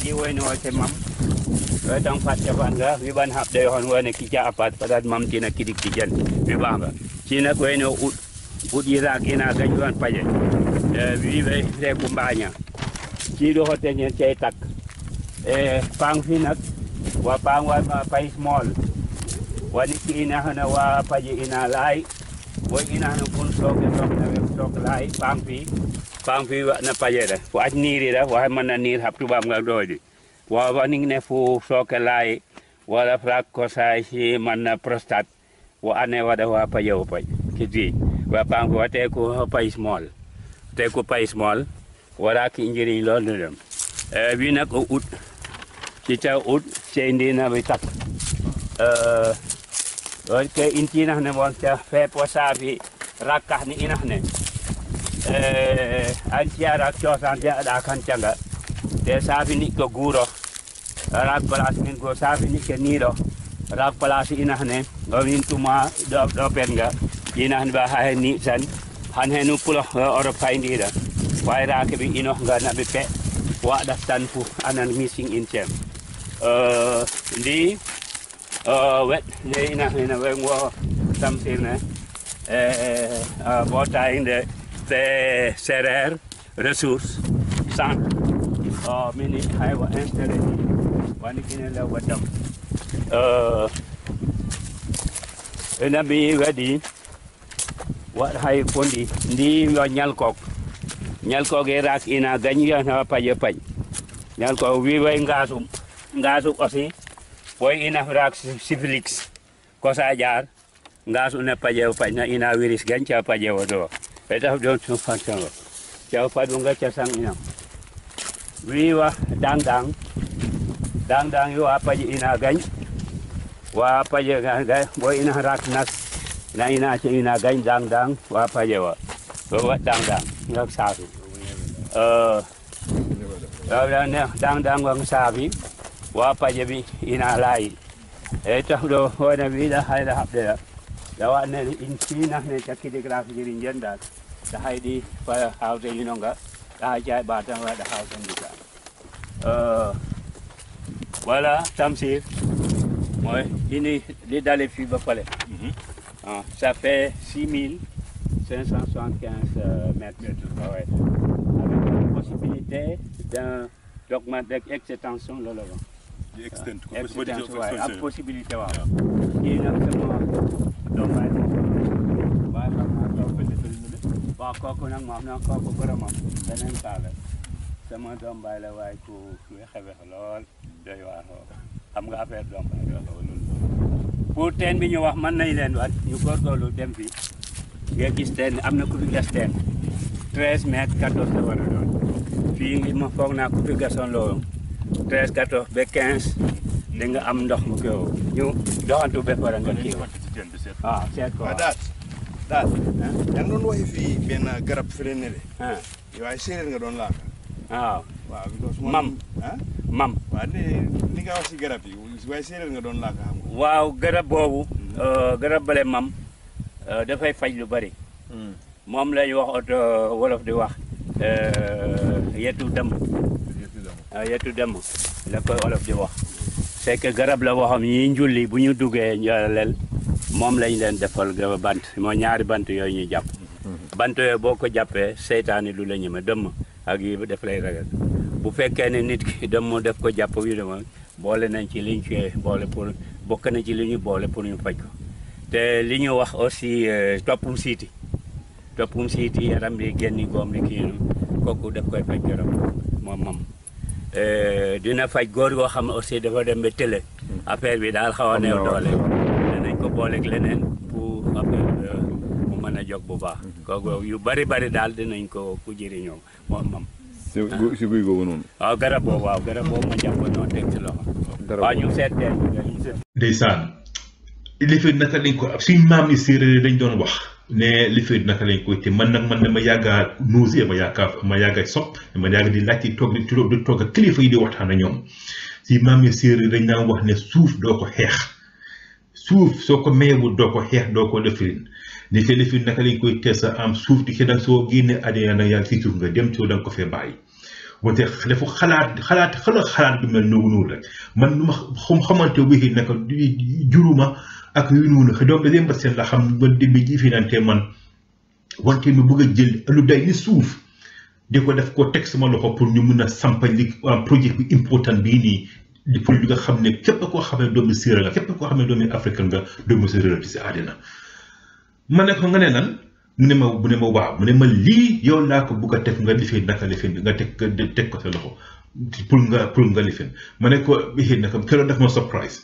ndi wayno wote mam wetan fatte fanga wiɓan haɓde hon wone kicca apat patat mam tina kidik kijan wiɓanga sina wayno uɗ uɗ yirak ina gañuwan paƴe wiɓe reku mbaña ciɗo hoteñen cey tak e pang fi nak wa pang wa pay small wani ki ina hana wa paƴe ina laay wo ina hana pun soke sok nawe sok fi pampi na pajede fo acnirira fo hemana nir hab tubam ga doji wawa ning ne fu soke lai wala frak kosai si mana prostat wa ane wada wa payo pai kiji wa pampi wa te ko pai small te ko pai small wara ki injiri lo nudem e eh, bi nak o ut ci ca ut ci ndina bi tak e eh, ke intina ne won ca fe posabi rakah ni inah ne an jeyaɗa cootan jeyaɗa kan canga te saafi niɗɗo guuro rag place min go saafi niɗke niiɗo rag place inahne omin tuma ɗo penga inahne ɓa ha hen ni tan han henu pulo oro paydiɗa wayrake ɓe ino nga naɓe pe waɗa tan fo anan missing in tem eh, ndi eh, wet nde inahne wen wo samtirne e eh, bo tayde Seereer ressource centre o mini haywa installé wani kine law waddam ene mbi waɗi waɗ hay fondi ndi yo ñalkok ñalkok e rak ina gañiyona paƴe pañ ñalkok wiwoy ngasum ngasu aussi woy ina rak syphilis kosa jar ngasu ne paƴe pañ na ina virus gañca paƴe o ɗo Better don't you find out. Chào phải đúng cái chào sang nhau. Vì wa dang dang dang dang yo apa ina gany wa apa je ina rak nas na ina che ina gany dang dang wa apa wa wa dang dang ngak sabi. Eh dang dang ngak sabi wa apa bi ina lai. Eta eh, do wa na vida hai da hab de. da wanene in tinane cakkide grafijiri jendat so hayɗi fa hawde yino nga taha jayɓa tan uh, waɗa hawde ndiga voilà tamsir moy ini ɗi dale fiba pale ça fait 6575 mètres ah ouais, avec la possibilité d'un d'augmenter extension le levant euh, extension, ouais, la possibilité waaw kii nag sama doom bàyyi waaye xam naa nag moom nag kooku beneen kaa sama doom bàyyi la waaye ku wexe-wex lool doy waar xam nga affaire doom bàyyi la loolu pour teen bi ñu wax mën nañ leen wax ñu góorgóorlu dem am na ku fi gas teen treize mètres quatorze la war a doon fii ngi ma foog naa ku gasoon loolu treize quatorze ba quinze di am ndox mu kow ñu doxantu ba pare nga kii seet. waaw seet ko waaw daal fii benn garab fële ne de. yow ah. ay séeréer nga doon laaka. Ah. waaw. waaw mam ah? mam. waaw ne li nga wax si garab yi waaye séeréer nga doon laaka xam waaw garab boobu. Mm-hmm. Euh, garab bale mam euh, dafay faj lu bari. Mm. moom lañ wax wolof di wax euh, yetu dem yetu dem la koy wolof di wax c'est garab la waxam ñi njulli bu ñu duggee njaaleel moom lañ leen defal nga bant moo ñaari bant yooyu ñu jàpp bant yooyu boo ko jàppee seytaane du la ñeme dëmm ak yi def lay ragal bu fekkee ne nit ki dëmm def ko jàpp yu dema boole nañ ci liñ ci boole pour bokk na ci li ñu boole pour ñu faj ko te li ñu wax aussi euh, toppum siiti toppum siiti yaram bi génni góom li kii kooku daf koy faj yaram moom moom euh, dina faj góor goo xam ne aussi dafa dem ba tële mm. affaire bi daal xaw a neew doole nañ ko booleeg leneen pour après euh, mu mën a jóg bu baax kooku yu bari bari daal dinañ ko ku jëriñoo moom mam si guy googu noonu waaw ah, garab boobu waaw garab boobu ma jàpp noonu teg ci loxo waaw ñu seet teel ndeysaan lifit dañ doon wax ne lifit naka lañ koy te man nag man dama yàgga nuusee ma yàgga ma yàgga sopp ma yàgg di laaj ci toog di toog ak kilifa yi di waxtaan a ñoom si maam yi séeréer dañ daan wax ne suuf doo ko xeex suuf soo ko mayewul doo ko xeex doo ko lëfrin ni ko lëfrin naka lañ koy teel sa am suuf di ke nag soo génne àddina nag yàlla dem soo danga ko fee bàyyi wante dafa xalaat xalaat xala xalaat bi mel noonu noonu man nu ma xamante wéxi naka juruma ak yu noonu doom da ba seen la xam ba démbi ji fi man wante mu bëgg a jël suuf di ko def ko teg suma loxo pour ñu mun a sampal li ah, projet bi important bii nii di pour bi nga xam ne képp koo xam ne doomu séeréer nga képp koo xam ne doomu africain nga doomu séeréer bi si àddina ma ne ko nga ne nan mu ne ma mu ne ma waaw mu ne ma lii yow laa ko bugg a teg nga lifin naka lifin bi nga teg teg ko sa loxo pour nga pour nga lifin ma ne ko bii nag keroog daf ma surprise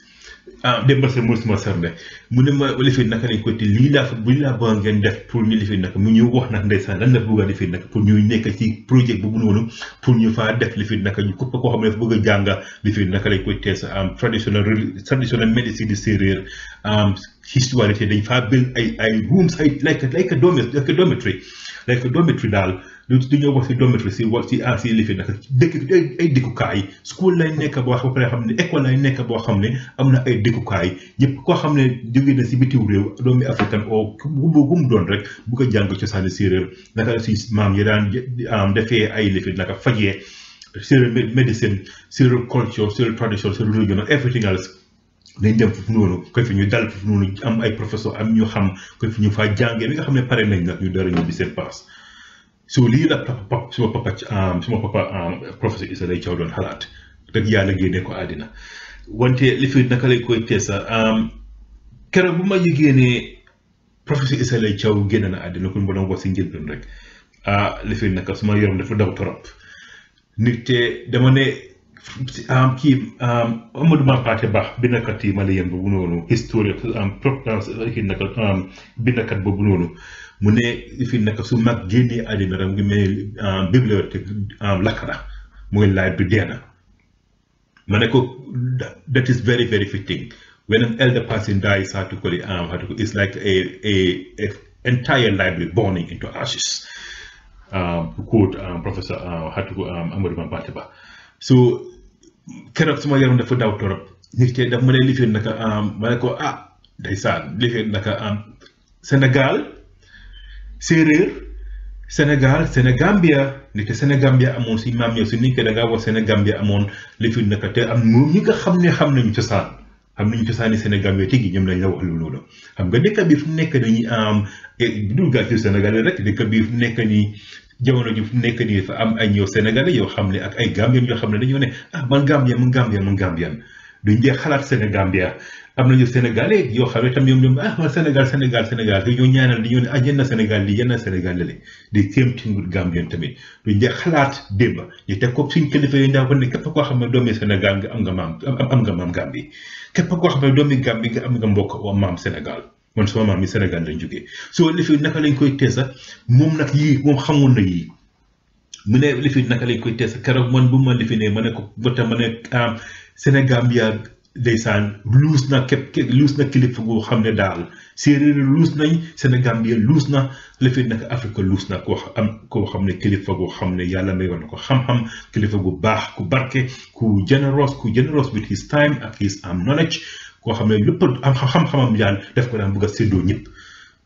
ah démbal sa mos ma sarde mu ne ma lifin naka lañ koy te lii laa bu ngeen def pour ñu lifin nag mu ñu wax nag ndeysaan lan la bëgg a lifin nag pour ñu nekk ci projet boobu noonu pour ñu faa def lifin nag ñu képp xam ne dafa bëgg a jànga lifin naka lañ koy tees am traditional traditional médecine di séeréer dañ faa bël ay rooms ay like like like a daal lu du ñu wax si dométrie si wa si si lifi nag dëkk ay dëkkukaay school lay nekk boo xam ne xam ne école nekk boo xam ne am na ay dëkkukaay ñëpp koo xam ne jóge na si bitiw réew doomi africain o ku mu doon rek bu ko jàng cosaani séeréer naka si maam yi daan defee ay lifi naka fajee séeréer médecine séeréer culture séeréer tradition séeréer religion everything else dañ dem foofu noonu koy fi ñu dal foofu noonu am ay professeur am ñu xam koy fi ñu faa jàngee bi nga xam ne pare nañ nag bi seen paas su lii la papa suma papa suma papa professeur Issa Laye Thiaw doon xalaat dëgg yàlla génne ko àddina wante li fi naka lañ koy peesa um, keroog bu ma yëgee ne professeur Issa Laye Thiaw génn na àddina ko mu doon wax si njëlbeen rek ah li fi naka suma yorom dafa daw torop nit um, kii um, Amadou Mampaté Ba bindkat yi malien boobu noonu noonu. mu ne fi nekk su mag génnee àddina ram ngi mel bibliothèque lakk na muy laaj bi dee na ma ne ko that is very very fitting when an elder person dies how it um, like a entire library burning into ashes um, to quote um, uh, um, yaram dafa daw torop nit ke daf ma ne lifin naka ma ne ko ah ndeysaan lifin naka Sénégal séeréer Sénégal Sénégambia ndeke Sénégambia amoon si maam yow si niñ ko da ngaa wax amoon li fi am moom ñi nga xam ne xam nañu cosaan xam nañu cosaani Sénégambia tigi ñoom lañ la wax loolu la xam nga dëkk bi fu nekk dañuy am dul gàccul Sénégal rek dëkk bi fu nekk nii jamono ji fu nekk nii dafa am ay ñëw Sénégalais yoo xam ne ak ay Gambien yoo xam ne dañoo ne ah man Gambien man Gambien man Gambien duñ dee xalaat Sénégambia am na ñu sénégalais yoo xam ne tam ñoom ñoom ah Sénégal Sénégal Sénégal te ñoo ñaanal di ñoo ne ah yenn Sénégal lii yenn Sénégal lale di kéemtingul Gambien tamit duñ de xalaat démb ñu teg ko suñ kilifa yi ndaw ne képp koo xam ne doomi nga am nga maam am Gambie képp ko xam ne doomi Gambie nga am nga mbokk wa maam Sénégal man sama maam mi Sénégal lañ jógee soo lifi naka lañ koy teesa moom nag yii moom xamoon na yii mu ne lifi naka lañ koy teesa keroog man bu ma lifi ne ma ne ko bota ma ne ah, Sénégambia ndeysaan luus na képp luus na kilifa goo xam ne daal séeréer luus nañ Sénégambie luus na la fi nekk Afrique luus na koo am koo xam ne kilifa goo xam ne yàlla mayoon na ko xam-xam kilifa gu baax ku barke ku generous ku generous with his time ak his am um, knowledge koo xam ne lépp am xam-xamam daal daf ko daan bëgg a séddoo ñëpp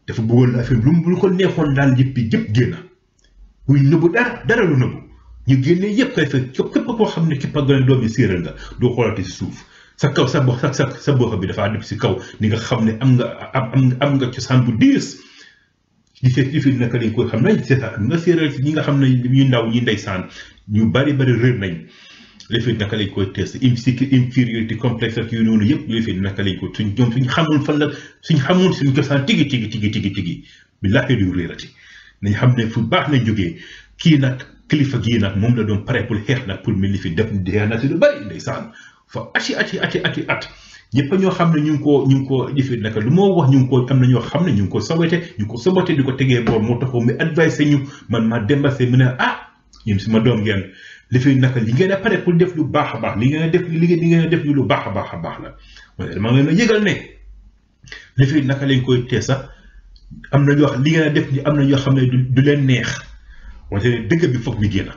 dafa bëggoon affaire lu mu lu ko neexoon daal yëpp yi yëpp buy nëbbu dara dara lu nëbbu ñu génnee yëpp kay fekk képp koo xam ne képp a gën a doomi suuf sa kaw sa bo sa sa bopp bi dafa nekk si kaw di nga xam ne am nga am am nga cosaan bu diis di seet ci fi naka lañ koy xam nañ ñi nga xam ne ñu ndaw ñi ndeysaan ñu bari bari réer nañ lifin naka lañ koy test infériorité complexe ak yu noonu yëpp lifin naka lañ koy suñ ñoom suñ xamul fan la suñ xamul suñ cosaan tigi tigi tigi tigi tigi billaahi du réerati nañ xam ne fu baax na jógee kii nag kilifa gii nag moom la doon pare pour xeex nag pour mi fi def dee na si lu bari ndeysaan fa ati ati at ati at ñëpp ñoo xam ne ñu ngi koo ñu koo koo fii naka lu moo wax ñu ngi am na ñoo xam ne ñu koo ko sabote ñu ngi ko sabote di ko tegee boor moo taxaw mu advice ñu man maa dembase mu ne ah ñun si ma doom ngeen li fi naka li ngeen a pare pour def lu baax baax li ngeen a def li ngeen a def lu baax a a baax la wala dama leen a yëgal ne fi naka lañ koy tee sax am na ñoo li def am na ñoo xam ne du leen neex wante dëgg bi foog bi génn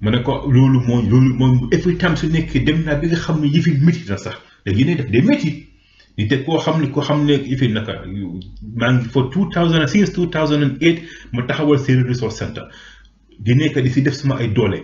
ma ne ko loolu mooy loolu mooy et puis su nekkee dem naa bi nga xam ne yëf yi métti na sax léegi ne def day métti di teg koo xam ne koo xam ne yëf yi naka maa ngi fa 2006 2008 ma taxawal Sérère Resource Center di nekk di si def suma ay doole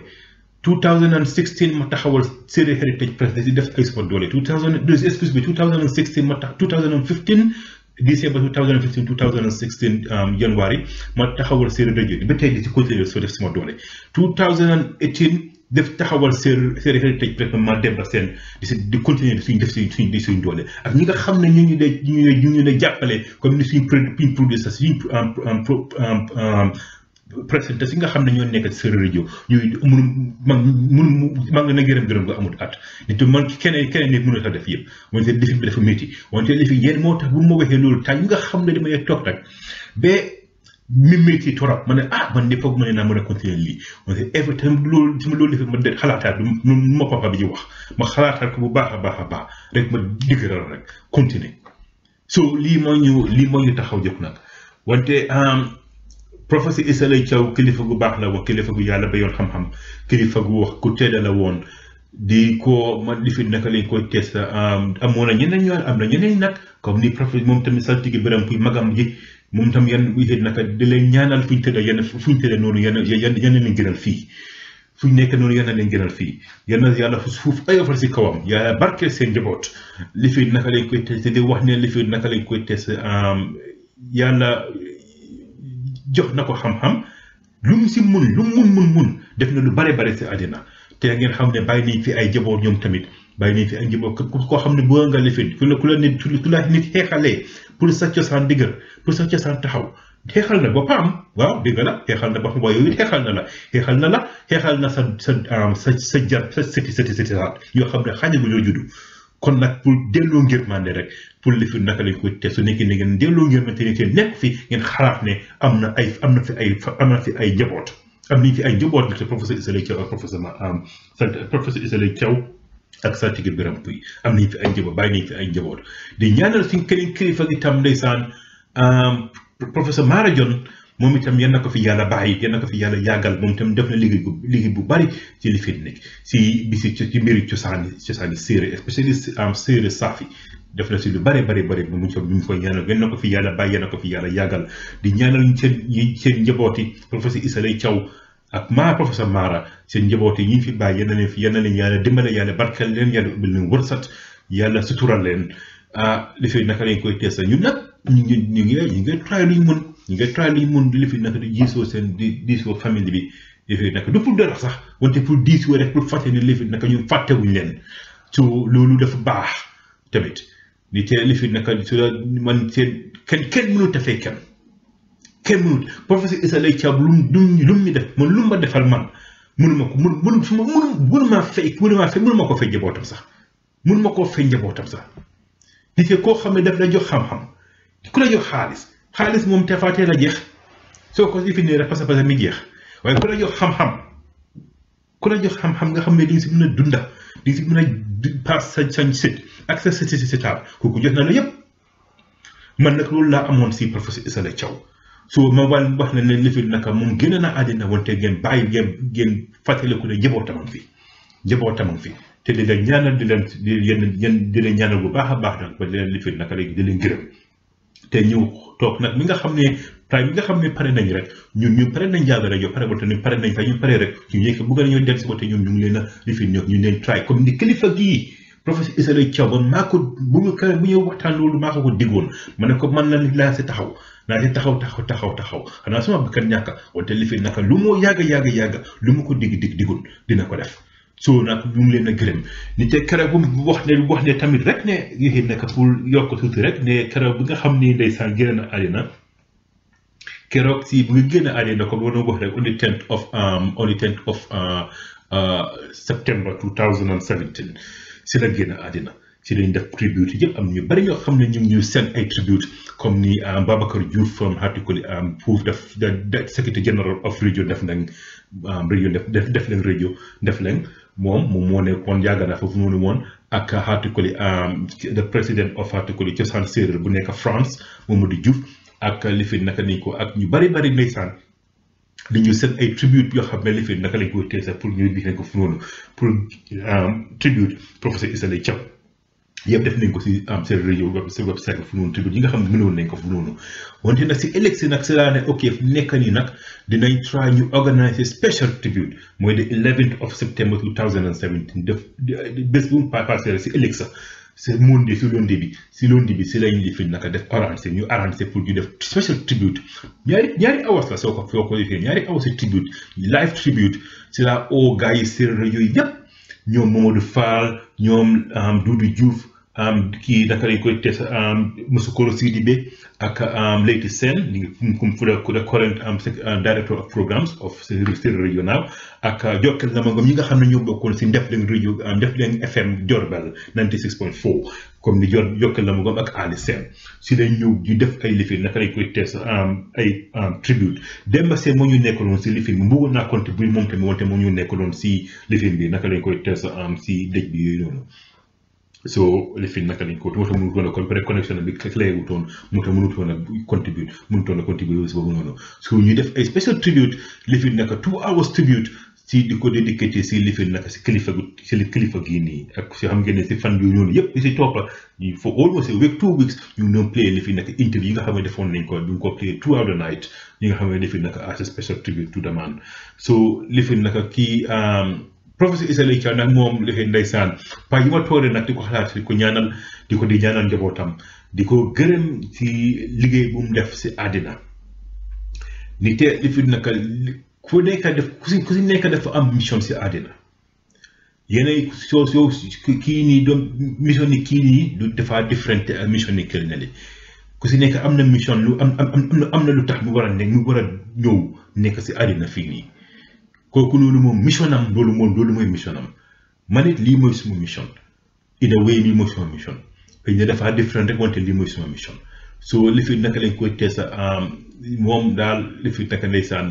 2016 ma taxawal Sérère Heritage Press di si def ay suma doole 2002 excuse bi 2016 ma tax 2015 December 2015 2016 um, January ma taxawal séeréer rajo ba tey di ci continuer soo def sama doole 2018 def taxawal séeréer séeréer héritage ma dem seen di si di continuer suñ def si suñ di suñ doole ak ñi nga xam ne ñu ngi de ñu ngi ñu ngi jàppale comme ni suñ produit suñ produit sax um, um, um, presque si nga xam ne ñoo nekk Seereer rajo ñuy mënu mag mënu mag na gërëm gërëm nga amul at nit man keneen keneen nit mënul sax def yëpp wante lifi bi ma waxee loolu ah, man de foog ma ne naa mën a continuer lii ma loolu defee ma de xalaataat lu ma papa bi bu baax a baax a baax rek ma digëral rek continuer so lii moo ñu lii moo ñu taxaw jóg nag wante professeur Issa Laye Thiaw kilifa gu baax la woon kilifa gu yàlla ba yoon xam-xam kilifa gu wax ku tedda la woon di ko man li fi naka lañ koy tees amoon na ñeneen ñoo am na ñeneen nag comme ni prof moom tamit saltige biram kuy magam ji moom tam yan it naka di leen ñaanal fuñ tëdda yenn fuñ tëdda noonu yenn yenn yenn leen gënal fii fuñ nekk noonu yenn leen gënal fii yenn yàlla suuf ayofal si kawam yàlla barkeel seen njaboot li fi naka lañ koy tees di wax ne li fi naka lañ koy tees yàlla jox na ko xam-xam lu mu si mun lu mun mun mun def na lu bare bare si àddina te ngeen xam ne bàyyi nañ fi ay jaboot ñoom tamit bàyyi nañ fi ay njaboot koo xam ne bu nga lifin ku la ku la nit ku la xeexalee pour sa cosaan dëgër pour sa cosaan taxaw xeexal na boppam waaw dëgg la xeexal na boppam waaye yooyu xeexal na la xeexal na la xeexal na sa sa sa sa jar sa sëti sëti sëti yoo xam ne xaajal bu ñoo juddu kon nag pour delloo ngërmande rek pour li fi naka lañ koy te su nekkee ne ngeen delloo ngërmande ne te nekk fi ngeen xalaat ne am na ay am na fi ay am na fi ay njaboot am nañ fi ay njaboot nag te professeur Issa Laye Thiaw ak professeur ma am sant professeur Issa Biram Puy am nañ fi ay njaboot bàyyi nañ fi ay njaboot di ñaanal suñ keneen kilifa gi tam ndeysaan professeur Mara Dione moom itam yal na ko fi yàlla bàyyi yal na ko fi yàlla yàggal moom itam def na liggéey bu bari ci li nekk ci mbiru cosaani cosaani séeréer spécialiste am séeréer def na si lu bare bare bare bu mu ko na ko fi yàlla bàyyi yal na ko fi yàlla yàggal di ñaanal seen njabooti professeur Issa Laye Thiaw ak maa professeur Mara seen njabooti ñi fi bàyyi yal na leen yàlla dimbale yàlla barkal leen yàlla ubbil leen wërsat yàlla sutural leen ah, li fi naka lañ koy littéralement mun di lifi nag di diisoo seen di diisoo famille bi lifi nag du pour dara sax wante pour diisoo rek pour fàtte ni lifi nag ñu fàttewuñ leen su loolu dafa baax tamit di teel lifi nag su la man seen kenn kenn mënut a fay kenn kenn mënut professeur Issa Laye Thiam lu mu lu mu def man lu ma defal man mënuma ko mën mënu su ma mënuma fay mënuma fay mënuma ko fay njabootam sax mënuma koo fay njabootam sax di teel koo xam ne daf la jox xam-xam ku la jox xaalis. xaalis moom te faatee la jeex soo ko définir rek parce que mi jeex waaye ku la jox xam-xam ku la jox xam-xam nga xam ne di si mën a dunda di nga si mën a paas sa sañ sit ak sa kooku jox na la yëpp man nag loolu laa amoon si professeur Issa Laye Thiaw su ma wax na leen lifin naka moom génn na àddina wante ngeen bàyyi ngeen ngeen fàttaliku ne njabootamam fi njabootamam fi te di leen ñaanal di leen di leen di leen ñaanal bu baax a baax nag ba naka léegi di leen gërëm te ñëw toog nag mi nga xam ne tay mi xam ne pare nañ rek ñun ñu pare nañ jàll rajo pare ba te ñu pare nañ te ñu pare rek ñu yëkk bëgg nañoo ñu leen a lifin ñëw ñu leen try comme ni kilifa gii professeur Issa Laye Thiaw maa ko bu ñu ka bu ñu waxtaan loolu maa ko ko diggoon ma ne ko man la laa si taxaw naa si taxaw taxaw taxaw taxaw xanaa sama bakkan ñàkka wante lifin naka lu moo yàgga yàgga yàgga lu mu ko digg digg digul dina ko def so nag ñu leen a gërëm ni te keroog bu mu wax ne tamit rek ne yéen nag pour yokk tuuti rek ne keroog bi nga xam ni ndeysaan génn àddina keroog si bu nga génn àddina comme wala wax rek on the tenth of um, on the tenth of uh, uh, September two thousand si la génn àddina ci lañ def tribute yëpp am ñu bari ñoo xam ne ñu ngi ñu seen ay tribute comme ni um, Babacar Diouf from um, Hatikoli Pouf def secretary general of radio def nañ radio def def nañ radio def nañ. moom moom moo nekkoon yàgg na foofu noonu woon ak Haatikoli the president of Haatikoli cosaan séeréer bu nekk France Mamadou Diouf ak li fi naka ni ko ak ñu bari bari ndeysaan di ñu seen ay tribute yoo xam ne li fi naka lañ koy teesa pour ñu bii ne ko fu noonu pour tribute professeur Issa Laye yëpp def nañ ko si am seen réseau web seen website fu noonu te ñi nga xam ne mënoon nañ ko fu noonu wante nag si élection nag si laa ne ok fu nii nag dinañ try ñu organiser special tribute mooy the 11th of September si élection si si lundi bi si lundi bi si def arrangé pour ñu def special tribute ñaari ñaari ñaari awas si tribute live tribute si laa oo gars yi yëpp. ñoom Mamadou Fall ñoom du Doudou Diouf kii naka lañ koy tes Moussoukoro Sidibé ak Leyti Sène ñu ngi comme fu the current euh, director of programmes of Serail Regional ak euh, Jokal Lamangom ñi nga xam ne ñoo bokkoon si Ndefleng rajo Ndefleng FM Diourbel 96.4 comme ni jot jokkal la mu gom ak Ali Sène si lay ñëw di def ay lifin naka lañ koy test ay tribute Demba Sène moo ñu nekkaloon si lifin bi mu bëggoon naa contribuer moom tamit wante moo ñu nekkaloon si lifin bi naka lañ koy test si dëj bi yooyu noonu so li fi naka lañ ko moo tax mënut woon a kon bi clé moo tax mënut woon a contribute mënut woon a contribute si boobu noonu so ñu def ay special tribute li fi naka two hours tribute si di ko dédicaté si lifi nag si kilifa si kilifa gii nii ak si xam ngeen ne si fan yu ñëw yëpp si topp la il faut almost a week two weeks ñu doon play lifi nag interview yi nga xam ne defoon nañ ko du ñu ko play throughout the night yi nga xam ne lifi nag as a special tribute to the man so lifi nag kii um, professeur Issa Laye Thiaw nag moom lifi ndeysaan paa yi ma tooree nag di ko xalaat di ko ñaanal di ko di ñaanal njabootam di ko gërëm ci liggéey bu mu def si àddina ku nekk def ku si ku si nekk dafa am mission si àddina yéenay soo soo kii nii doom mission kii nii du defaa différente ak mission ni kël na li ku si nekk am na mission am na lu tax mu war a nekk mu war nekk si àddina fii kooku loolu moom mission am loolu moom loolu mooy mission am ma ne lii mooy suma mission in a way lii mooy suma mission xëy na dafa différente rek wante lii mooy suma mission so li fi naka lañ koy tees moom daal li fi naka ndeysaan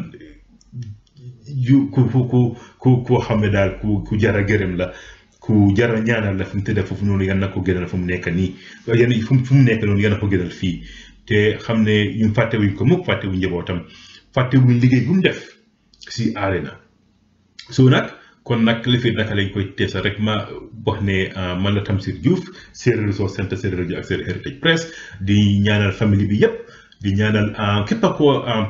yu ku ku ku ku xam ne daal ku ku jar a gërëm la ku jar a ñaanal la fi mu foofu noonu yal na ko gënal fu mu nekk nii yal fu mu nekk noonu yal na ko gënal fii te xam ne ñun fàtte wuñ ko mukk fàtte wuñ njabootam fàtte liggéey bu mu def si arena soo nag kon nag li fi naka lañ koy teesa rek ma wax ne ah, man la Tamsir Diouf Seereer soo Centre Seereer rajo ak Seereer Heritage Press di ñaanal famille bi yépp di ñaanal ah, képp ko ah,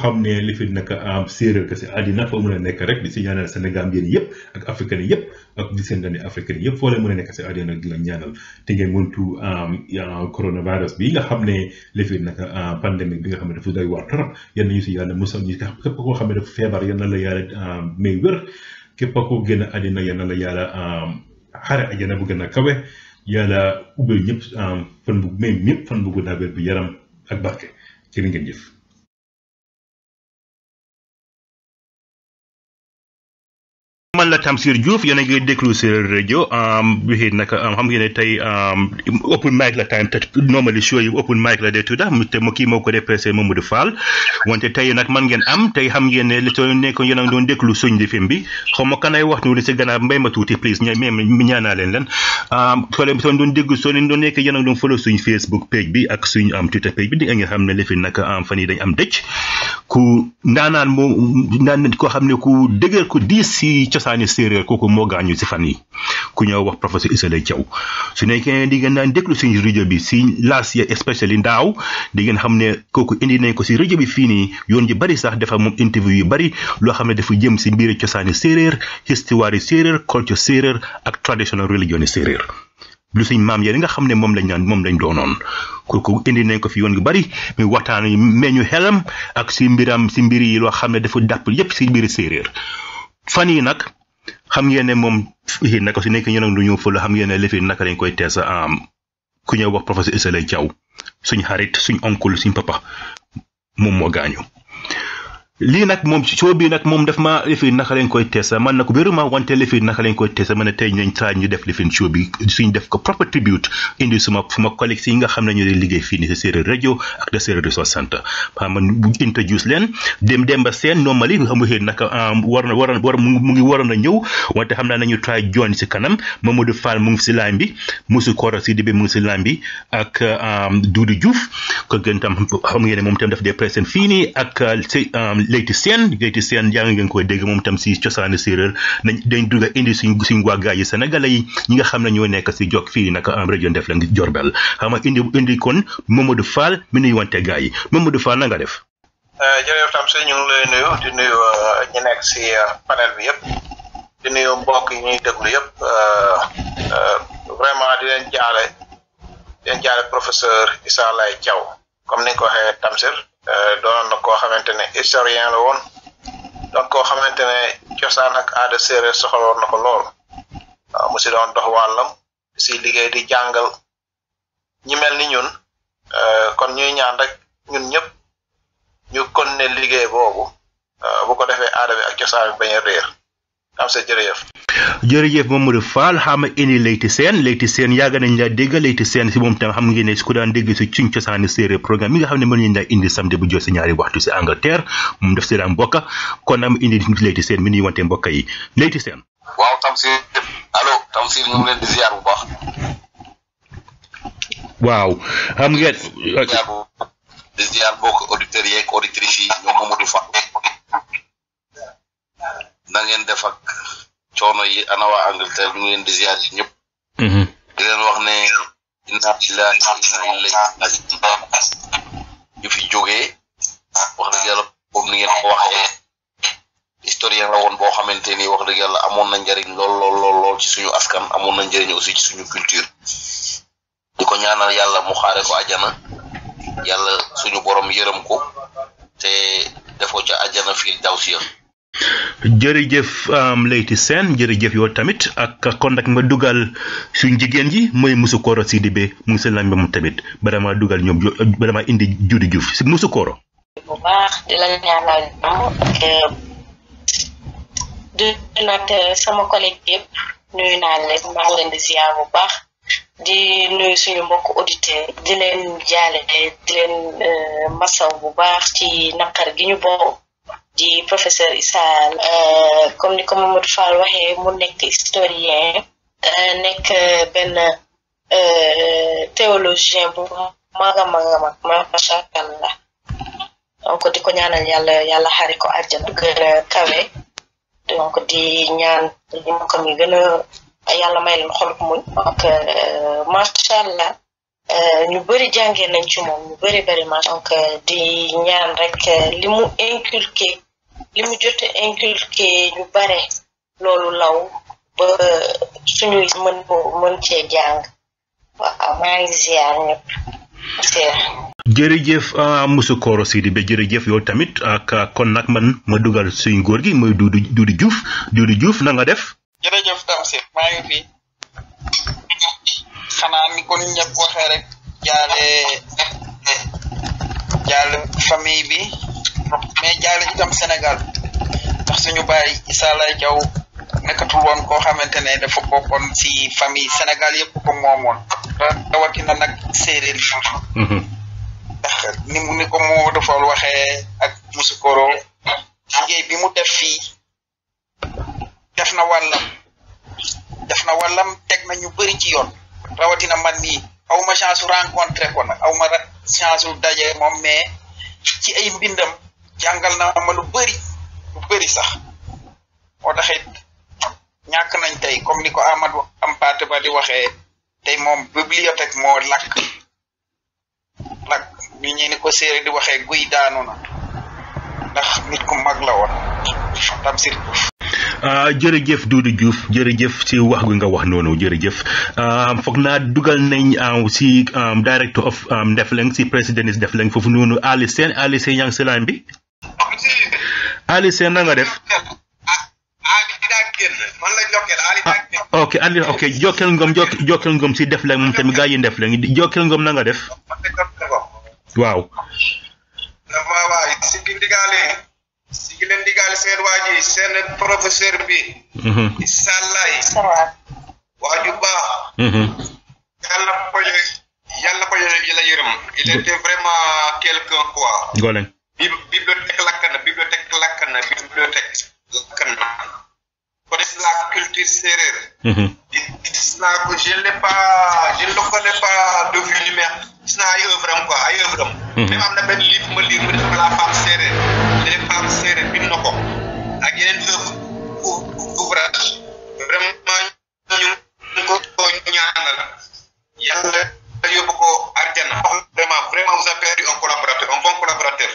xam ne li fi nekk ah, séeréer kese àddina foo mën a nekk rek di si ñaanal Sénégal yéen yëpp ak yëpp ak di seen dani africain yëpp foo leen mën a nekk si àddina di la ñaanal te ngeen muntu coronavirus bi nga xam ne li fi nekk pandémie bi nga xam ne dafa doy waar trop yal na ñu si yàlla musal ñu képp koo xam ne dafa feebar yal na la yàlla may wér képp koo génn addina yal la yàlla xare àjjana bu gën a kawe yàlla ubbil ñëpp fan bu may ñëpp fan bu gën a wér bu yaram ak barke jërë ngeen jëf man la Tamsir Diouf yéen a ngi déglu Séeréer rajo bii nag xam ngeen ne tey open mic la time te normally show yi open mic la dee tudda te mu kii moo ko dépassé Mamadou Fall wante tey nag man ngeen am tey xam ngeen ne li too nekkoon yéen a ngi doon déglu suñ di film bi xaw ma kanay wax nu li si gannaaw mbay ma tuuti please ña même ñaanaa leen leen soo leen soo doon déglu soo leen doon nekk yéen a ngi doon follow suñ Facebook page bi ak suñ am Twitter page bi di nga xam ne li fi nag fan yi dañ am dëj ku ndaanaan moom ndaanaan koo xam ne ku dëgër ku diis si cosaan waxtaani séeréer kooku moo gaañu si fan yi ku ñëw wax professeur Issa Laye Thiaw su nekkee di ngeen daan déglu si rajo bi si laas ya especially di ngeen xam ne kooku indi nañ ko si rajo bi fii nii yoon ji bëri sax defa moom interview yu bari loo xam ne dafa jëm si mbiri cosaani séeréer histoire séeréer culture séeréer ak traditional religion séeréer lu suñ maam yéen nga xam ne moom lañ naan moom lañ doonoon kooku indi nañ ko fi yoon gu bari muy waxtaan yi meñu xelam ak si mbiram si mbir yi loo xam ne dafa dàpp yépp si mbiri séeréer fan yi nag xam ngeen ne moom fii naka si nekk ñu nag lu ñu fël xam ngeen ne lëf naka lañ koy tees am ku ñëw wax professeur Issa Laye Diaw suñ xarit suñ oncle suñ papa moom moo gaañu lii nag moom show bi nag moom daf ma lifin naka lañ koy teesa man na ko wéruma wante lifin naka lañ koy teesa ma ne tey ñooñ saa ñu def lifin show bi suñ def ko proper tribute indi suma suma nga xam ne ñoo liggéey fii ni si Séeréer rajo ak de Séeréer Resource Centre paa man introduce leen dem ba seen normally amu xëy naka ah, war na war war mu ngi waroon a ñëw wante xam naa nañu try join si kanam Mamadou Fall mu ngi si line bi Moussa Kora si dibe mu ngi si line bi ak ah, Doudou Diouf ko gën tam xam ngeen ne moom tam daf dee présent fii nii si Laetitienne Laetitienne yaa ngeen koy dégg moom tam si cosaanu séeréer nañ dañ dugg a indi suñ suñ waa gars yi sénégalais yi ñi nga xam ne ñoo nekk si jog fii nag am région def la ngi Diourbel indi indi kon Mamadou Fall mi nuy wante gars yi Mamadou Fall na nga def. Euh, jërëjëf tam si ñu ngi lay nuyu di nuyu euh, ñi nekk si euh, panel bi yëpp di nuyu mbokk yi ñuy déglu yëpp vraiment di leen jaale di leen jaale professeur Issa Laye comme ni nga ko waxee Tamsir. Euh, doonoon na koo xamante ne historien la woon donc koo xamante ne cosaan ak aada séeréer soxaloon na ko lool waaw mu si dox wàllam si liggéey di jàngal ñi mel ni ñun euh, kon ñuy ñaan rek ñun ñëpp ñu kon ne liggéey boobu euh, bu ko defee aada bi ak cosaan bi bañ a am sa jërëjëf. jërëjëf Mamadou Fall xaama indi Leyti Sène Leyti Sène yàgg nañ laa dégg Leyti Sène si moom tam xam ngeen ne su ko daan dégg si cuñ cosaani séeréer programme yi nga xam ne mën nañ laa indi samedi bu jot si ñaari waxtu si Angleterre moom daf si daan bokk kon am indi Leyti Sène mi ñuy wante mbokk yi Leyti Sène. waaw Tamsir allo Tamsir ñu ngi leen di ziar bu baax. waaw xam ngeen. di ziar bokk auditeurs yeeg auditrices yi ñoom Mamadou Fall. na ngeen def ak coono yi ana waa Angleterre ñu ngeen di ziar ci ñëpp. Mhm. di leen wax ne inna lillahi wa inna ilayhi raji'un ñu fi jógee wax dëgg yàlla comme ni ngeen ko waxee historien la woon boo xamante ni wax dëgg yàlla amoon na njëriñ lool lool lool lool ci suñu askan amon na njëriñ aussi ci suñu culture di ko ñaanal yàlla mu xaare ko àjjana yàlla suñu borom yërëm ko te defoo ca àjjana fii daw si jërëjëf Leyti Sène jërëjëf yoo tamit ak kon nag nga dugal suñ jigéen ji mooy Moussoukoro Sidibé mu ngi dugal ñoom bala si Moussoukoro. bu baax di la ñaanal ñoom di nag sama collègue yëpp nuyu naa leen di ziar bu baax di nuyu suñu mbokk auditeur di leen jaale di leen euh, masaw bu baax ci naqar gi ñu bokk. di professeur Issa euh, comme ni ko Mamadou Fall waxee mu nekk historien euh, nekk benn euh, théologien bu mag a mag allah donc di ko ñaanal yàlla yàlla xari ko àjjana gën kawe donc di ñaan ñi ma ko mi gën may leen xol muñ ak allah Eh, ñu bëri jàngee nañ ci moom ñu bëri bëri ma donc euh, di ñaan rek euh, li inculqué li mu inculqué ñu bare loolu law ba euh, suñuy mën ko jàng maa ngi ziar ñëpp jërëjëf Moussa Koro Sidibé jërëjëf yow tamit ak kon nag man ma dugal suñu góor gi mooy Doudou Doudou Diouf Doudou Diouf na def. xanaa ni kon ñëpp waxee rek jaale jaale famille bi mais jaale itam Sénégal ndax suñu baay Issa Laye Diaw nekkatul woon koo xamante ne dafa bokkoon si famille Sénégal yëpp ko moomoon rawatina nag séeréer yi mhm. ndax ni mu ko moo defool waxee ak musikoro liggéey bi mu def fii def na wàllam def na wàllam teg na ñu bëri ci yoon rawatina man nii aw ma chance su rencontré ko nag aw ma chance su daje moom mais ci ay mbindam jàngal na ma lu bëri lu sax moo taxit ñàkk nañ tey comme ni ko Amadou Hampâté Bâ di waxee tey moom bibliothèque moo lakk lakk ñu ñee ni ko séeré di waxee guy daanu ndax nit ku mag la woon Ah, jërëjëf Doudou Diouf jërëjëf si wax gi nga wax noonu jërëjëf ah, foog naa dugal nañ ah, si director of Ndefleng si def Ndefleng foofu noonu Ali Sène Ali Sène yaa ngi si bi Ali Sène na def. ok Ali ok Jokal Ngom Jokal Ngom si Ndefleng moom tamit gaa yi Ndefleng Jokal Ngom na nga def. waaw. si gi leen sen seen waa seen professeur bi mm-hmm. Issa Laye waa ju baax mm-hmm. yàlla ko yàlla ko yàlla yërëm il était vraiment quelqu'un quoi gole bibliothèque lakk na bibliothèque lakk na bibliothèque lakk na connaissent la culture sérère. Mm-hmm. gis naa ko je ne l'ai pas je ne le connais pas de vue mais gis naa ay œuvre am quoi ay œuvre am. Mm-hmm. même am na benn livre ma lire mu def la femme sérère les femmes sérères bind na ko ak yeneen œuvre ouvrage vraiment ñu ngi ko ñaanal yàlla yóbbu arjana. vraiment vraiment vous avez perdu un collaborateur un bon collaborateur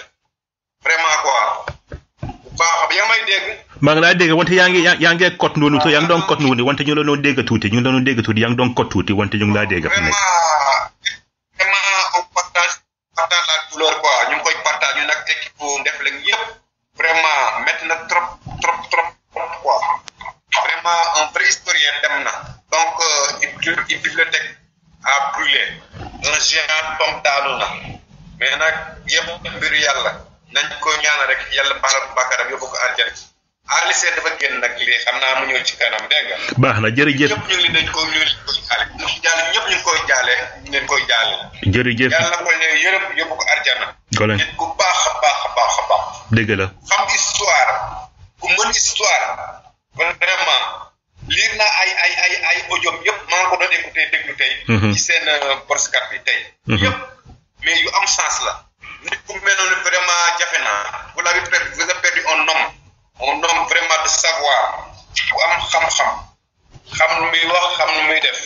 vraiment quoi. baax bi nga dégg. maa ngi laa dégg wante yaa ngi yaa ngi kot noonu te ah. yaa ngi doon kot noonu wante ñu la doon dégg tuuti ñu la doon dégg tuuti yaa ngi doon kot tuuti wante ñu ngi laa dégg. vraiment vraiment on partage partage la douleur quoi koy partage ñu nag équipe bu Ndefleng yëpp vraiment métti na trop trop trop trop quoi vraiment un vrai historien dem na donc une euh, bibliothèque à brûler un géant tombe daanu na mais nag yëpp mbiru yàlla. nañ ko ñaanal rek yàlla baal ko bàkkaaram yóbbu ko àjjana Aly Seck dafa génn nag lii xam naa mu ñëw ci kanam dégg baax na jërëjëf ñëpp ñu ngi leen ko ñu ngi koy jaale li ñu ngi koy jaale ñu leen koy jaale. jërëjëf yàlla ko leen yërëm yóbbu ko àjjana. goleen nit baax a baax a baax a baax. dëgg la xam histoire ku mën histoire vraiment liir naa ay ay ay ay audio yëpp maa ngi ko doon écouté déglu tey. Mhm. ci seen euh, borsikat bi tey. Mhm. yëpp mais yu am sens la. nit ku mel noonu vraiment jafe na vous avez perdu vous avez perdu un de savoir bu xam-xam xam nu muy wax xam nu muy def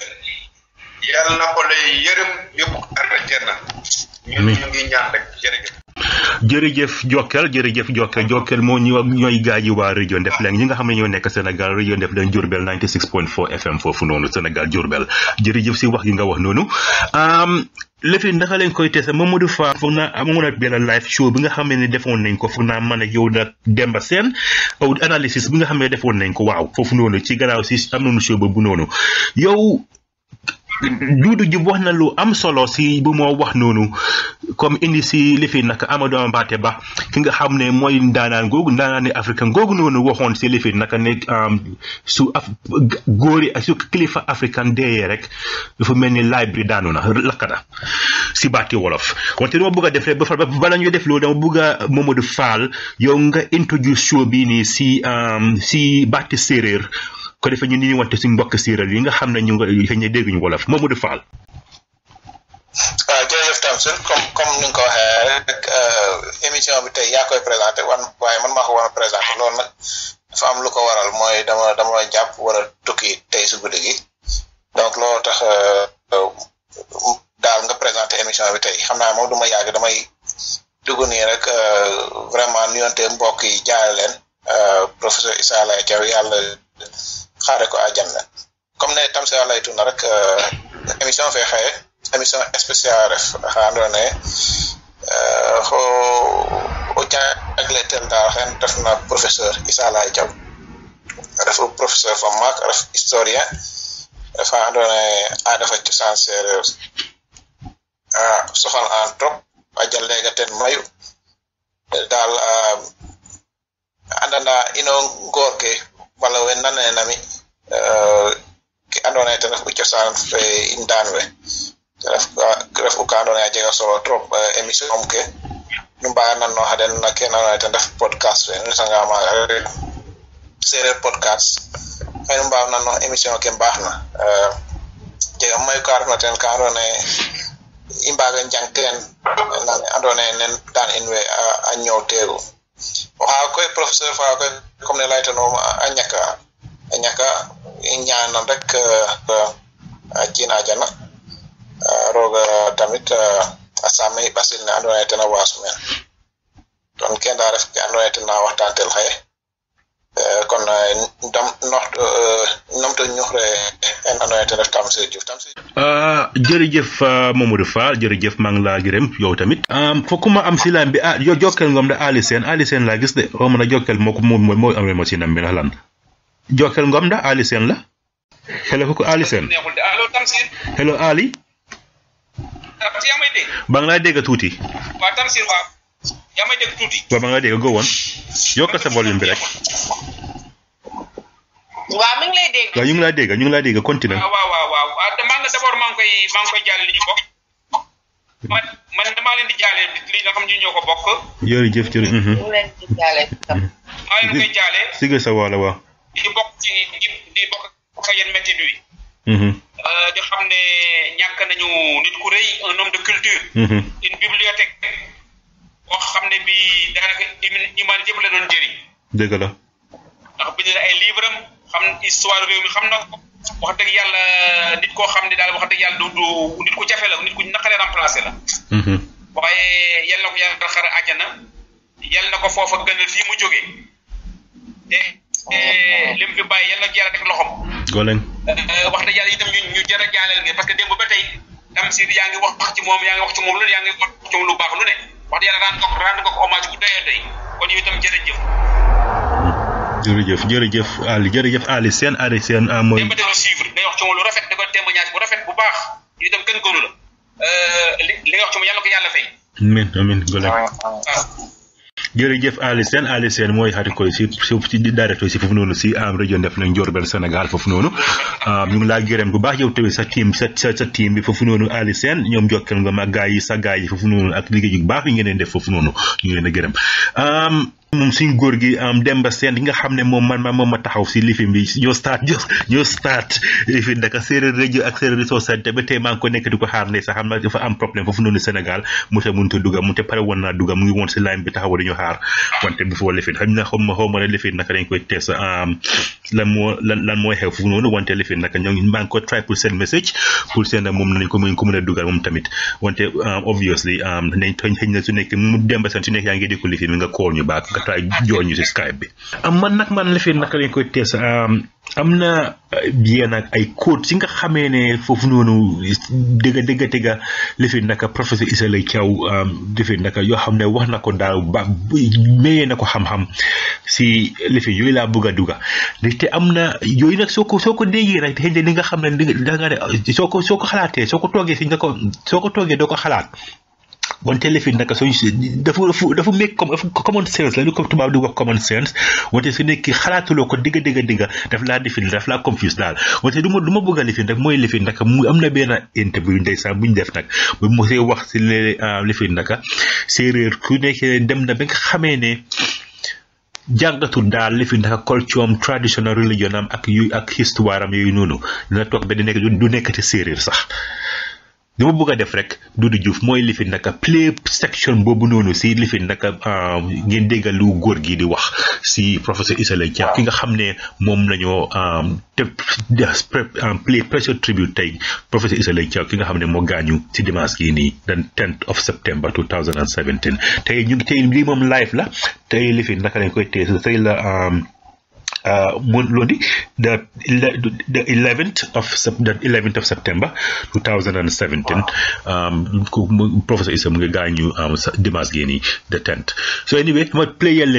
yàlla na ko lay yërëm yóbbu àjjana ñun ñu ngi ñaan rek jërëjëf jërëjëf Jokal jërëjëf Jokal Jokal moo ñu ñooy gaa yi waa rajo Ndefleng ñi nga xam ne ñoo nekk Sénégal rajo Ndefleng Diourbel 96.4 FM foofu noonu Sénégal Diourbel jërëjëf si wax gi nga wax noonu lëfi ndaxa lañ koy tese Mamadou Fall foog naa amoon na benn live show bi nga xam ne defoon nañ ko foog naa man ak yow nag Demba Seen aw analysis bi nga xamee ne defoon nañ ko waaw foofu noonu ci gannaaw si am nañu show boobu noonu yow Doudou Diouf wax na lu am solo si bu moo wax noonu comme indi si li fi nag Amadou Mbaté Ba ki nga xam ne mooy ndaanaan googu ndaanaan ne africain googu noonu waxoon si li fi nag ne su af góori su kilifa africain deeyee rek fu mel ni laaj bi daanu na lakk na si baati wolof wante dama bëgg a def rek ba bala ñu def loolu dama bëgg a Momodou Fall yow nga introduction bi nii si si baati séeréer ko defee ñu ni wante suñ mbokk séeréer yi nga xam na ñu ngi xëy na dégguñu wolof Mamadou Fall. waaw ah, jërëjëf Tamsir comme comme ni nga ko waxee rek euh, émission bi tey yaa koy présenté wan waaye man maa ko war a présenté loolu nag am lu ko waral mooy dama dama jàpp war a tey su guddi donc loolu tax euh, daal nga présenté émission bi tey xam naa moom du ma yàgg damay dugg nii rek euh, vraiment nuyonte mbokk yi jaare leen professeur Issa Laye Thiaw yàlla xaare ko àjjanna comme ne Tamsir lay tudd na rek euh, émission fe xaye émission spéciale xa andoona yee euh, xo o jàngale tel daal xen ref na professeur Issa Laye Diaw refu professeur fa maak ref ref xa andoona yee aada fa ah, a soxal an trop a jaleega ten mayu daal andana euh, ino ngoor ke wala we nanene nami euh, ke andona ye ten ref u cosaan fe in daan we ref u ka andona ye a jega solo trop euh, émission um ke nu mbaya nannooxa den na ke andona ye ten ref podcast fe nu retanga maaga sereer podcast xëy nu mbaaw na ten euh, ka andona ye i mbaaga njang teen e andona ye nen daan in we a ñoowteegu oxa koy professeur fa koy comme ne laytanooma a ñaka a ñaka ñaanan rek ciin ajana rooga tamit euh, a saamay ɓasil ne andoona ten a waasu meen ton kene daa ref ke andoona ten na waxtaantel xaye Eh, kon eh, dam noxt eh, namta ñuxre en andonaye ten ref Tamsir Diouf Tamsir ah, jërëjëf ah, Mamadou Fall jërëjëf maa ngi laa gërëm yow tamit ah, fokkuma am si laan bi ah yo jokkeel Ali Sène Ali Sène laa gis de xaw ma na jokkeel moo ko moom mooy amee ma si nam bi ndax lan jokkeel ngoom Ali Sène la xele Ali Sène hello Ali tuuti yaa dégg tuuti. waaw ma nga dégg go bi rek. waaw mi ñu ngi laa dégg ñu ngi lay dégg continué. Ah, ah, leen di jaale li nga xam ñu ñoo ko bokk. jërëjëf jërëjëf. ñu mhm. maa leen koy jaale. Siga sa wala waa. di bokk ci di bokk ak yéen métti bi. Mhm. Euh, di xam ne ñàkk nañu nit ku rëy un homme de culture. Mhm. une bibliothèque. koo xam ne bii daanaka imaan yëpp la doon jëriñ. dëgg la. ndax bind na ay livre am xam histoire réew mi xam na ko wax dëgg yàlla nit koo xam ne daal wax dëgg yàlla du du nit ku jafe la nit ku naqaree remplacé la. Mhm. waaye yal na ko yal na ko foofa gënal fii mu jógee te li mu fi bàyyi yal na ko yàlla teg loxom golañ euh, wax dëgg yàlla itam ñu ñu jar a jaaleel parce que démb ba tey tam si yaa ngi wax ci moom lu ne yaa ngi lu baax lu ne. wax yàlla rendre nga ko rendre bu doyee kon yow itam jërëjëf. jërëjëf jërëjëf Ali jërëjëf Ali seen Ali seen ah, mooy. démb dafa suivre lu rafet da ko témoignage bu rafet bu baax yow itam kenn gënu la euh, li li nga ko yàlla fay. amiin amiin. waaw jërëjëf Aly Sène Aly Sène mooy xarit koy si si di directeur si foofu noonu si am région def nañ Diourbel Sénégal foofu noonu ah, ñu ngi laa gërëm bu baax yow tamit sa team sa sa team bi foofu noonu Aly ñoom jokkal nga ma gaay yi sa gaay yi foofu noonu ak liggéey yu baax yi ngeen def foofu noonu ñu ngi leen a moom suñ góor gi am Demba Seen nga xam ne moom man maa moom ma taxaw si lifin bi ñoo start ñoo start lifin daka séeréer rajo ak séeréer société ba tey maa ko nekk di ko xaar ne sax am problème foofu noonu Sénégal mu te mënut a dugg mu te pare woon naa dugg ngi woon si line bi taxaw dañu xaar wante ma xaw ma ne lifin naka dañ moo lan lan mooy xew foofu noonu wante lifin naka ñoo ngi maa ko try pour seen message pour seen moom nañ ko mën ko mën a dugal moom tamit wante obviously nañ xëñ na su nekk mu Demba Seen su nekk yaa ngi nga call ñu baak taay jooñu si Skype bi. man nag man la fi naka lañ koy tees am na euh, yenn ak ay code si nga xamee ne foofu noonu dëgg dëgg dëgg li fi naka professeur Issa Laye Thiaw naka yoo xam ne wax na ko daal ba mayee na ko xam-xam si li fi yooyu laa bëgg a dugg te am na yooyu nag soo ko soo ko déggee nag xëy na nga xam ne da nga ne soo ko soo ko xalaatee soo ko toogee si nga ko soo ko toogee doo ko xalaat. on téléphone nag soo dafa dafa make comme common sense la lu ko tubaab di wax common sense wante su nekk xalaatuloo ko digga digga digga daf laa lifin daf laa confuse daal wante du ma du ma bëgg a lifin mooy lifin nag mu am na benn interview ndeysaan bu ñu def nag bu mu wax si le euh, lifin nag séeréer ku nekkee dem na ba nga xamee ne jàngatul daal li fi naka culture am traditional religion am ak yu ak histoire am yooyu noonu dina toog ba di nekk du te séeréer sax li ma bëgg a def rek du Doudou Diouf mooy lifi naka play section boobu noonu si lifi naka euh, ngeen déggal lu góor gi di wax si professeur Issa Laye Dia ki nga xam ne moom la ñoo euh, te euh, play pressure tribute tey professeur Issa Laye ki nga xam ne moo gaañu si dimanche gii nii den 10th of September 2017 tey ñu ngi tey lii moom live la tey lifi naka lañ koy tey tey la Monday, euh, the, the 11th of the 11th of September 2017 um, Professor Issa mu ngi gaañu um, dimanche gii nii the li th so anyway ma playal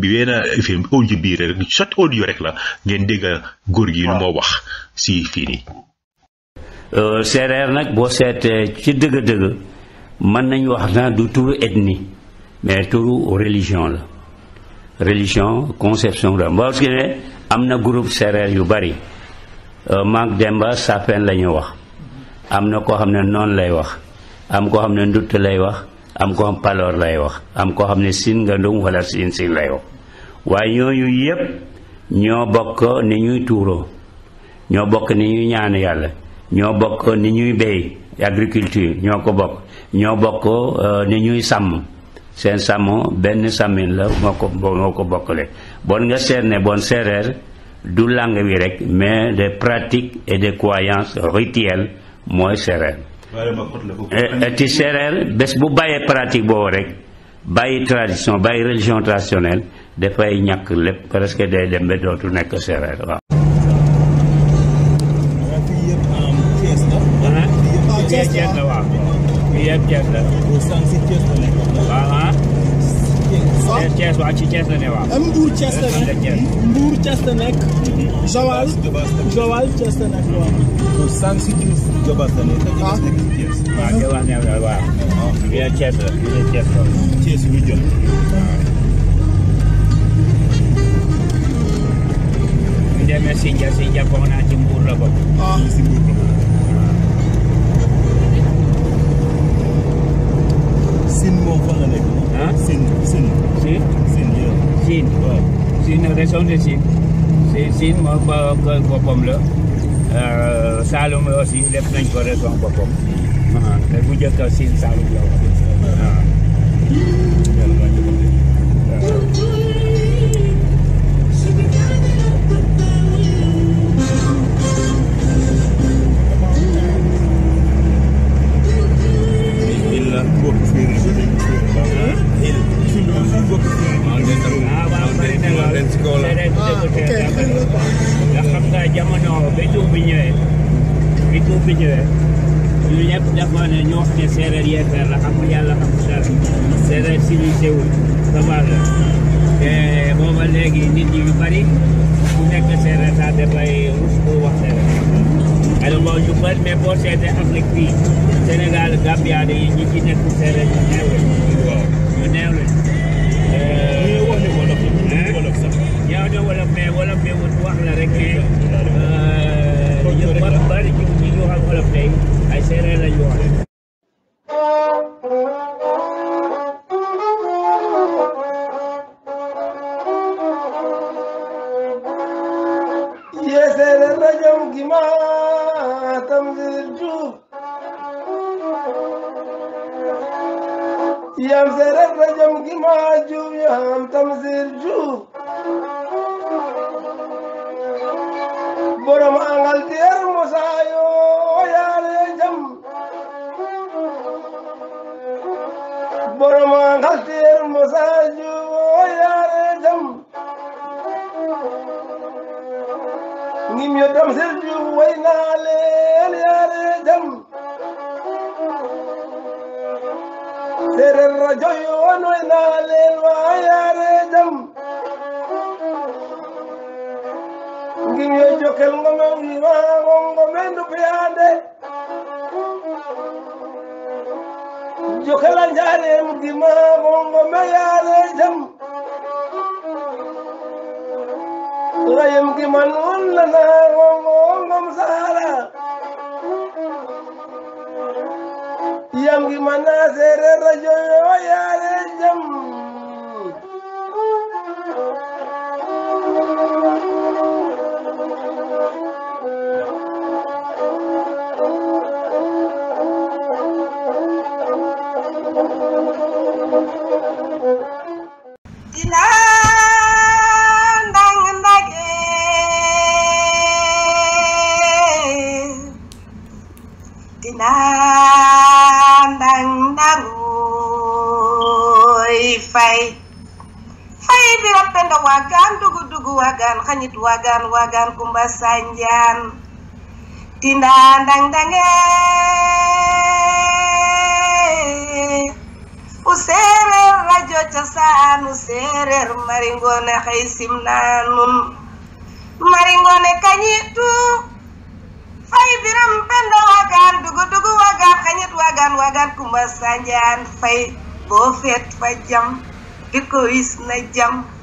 bi weena lifim audio bii rek short audio rek la ngeen dégga góor gi lu moo wax si fii nii euh, seereer nag boo seetee ci dëgg-dëgg mën nañ wax na du turu ethnie mais turu religion la religion conception la mbaa su ne am na group séeréer yu bari euh, maag Demba Safeen lañu wax am na koo xam ne noon lay wax am koo xam ne ndutt lay wax am koo xam paloor lay wax am koo xam ne siin nga ndum wala siin siin lay wax waaye ñooñu yépp ñoo bokk ni ñuy tuuroo ñoo bokk ni ñuy ñaan yàlla ñoo bokk ni ñuy béy agriculture ñoo ko bokk ñoo bokk euh, ni ñuy sàmm seen sàmm benn sàmmin la moo ko moo ko bokkale bon nga seet ne bon séeréer du langue bi rek mais des pratiques et des croyances rituelles mooy séeréer ci séeréer bés bu bàyyee pratique boobu rek bàyyi tradition bàyyi religion traditionnelle dafay ñàkk lépp presque day dem ba dootu nekk séeréer waaw waaw ci Thiès la ne waaw. am Mbour Thiès la nekk Mbour Thiès la nekk. Mhm. Joal Joal Thiès la nekk waaw. donc sànq si Thiès Joal la nekk. ah waaw Joal ne waaw waaw. Ah. bii la Thiès la bii la Thiès la. Thiès lu jot waaw. demee Sindia Sindia foog naa ci Mbour la bokk. ah si Mbour la bokk. Sine moom fan la nekk. ah Sine Sine. Sine Sine yow. Sine waaw Sine région de Sine. Sine moom kër boppam la. Euh, Saloum aussi def nañ ko région boppam. te ah. ah, bu njëkk a Sine Saloum la woon. waaw. Ah. nga xam nga jamono bi tuub bi ñëwee bi tuub bi ñëwee ñu ne ñoo xam ne séeréer yeefeer la xam yàlla xam dara séeréer si ñu sewul sabar la te booba léegi nit yu bari ku nekk séeréer sax dafay rus ko wax séeréer alors boobu ñu bari mais boo seetee Afrique fii Sénégal Gambia dañuy ñi ci nekk séeréer ñu néew lañ ñu néew lañ euh, fekkee ñu bari bari ñu ñu xam olof tey ay séeréer la ñu wax yam sereer la jam gi ma juum yam tam sir juuf gim yeddam Sëriñ way naa leen yaare jam séeréer rajo yoon way naa leen waa yaare jam gim ye jokkel ngome wiima ngome ndupeyaade jokkela njaareem gima ngome yaare jam surayam ki man un la naa wong wongom sahala yam ki man naa seereer rajo yoo yaare jam Yanga dugu dugu wagan xañit wagan wagan kumba sanjaan tinda ndang rajo cosaan u seereer mari ngoone xëy simnaa nun mari ngoone biram penda wagan dugu dugu wagan xañit wagan wagan kumba sanjaan fay boo jam di ko na jam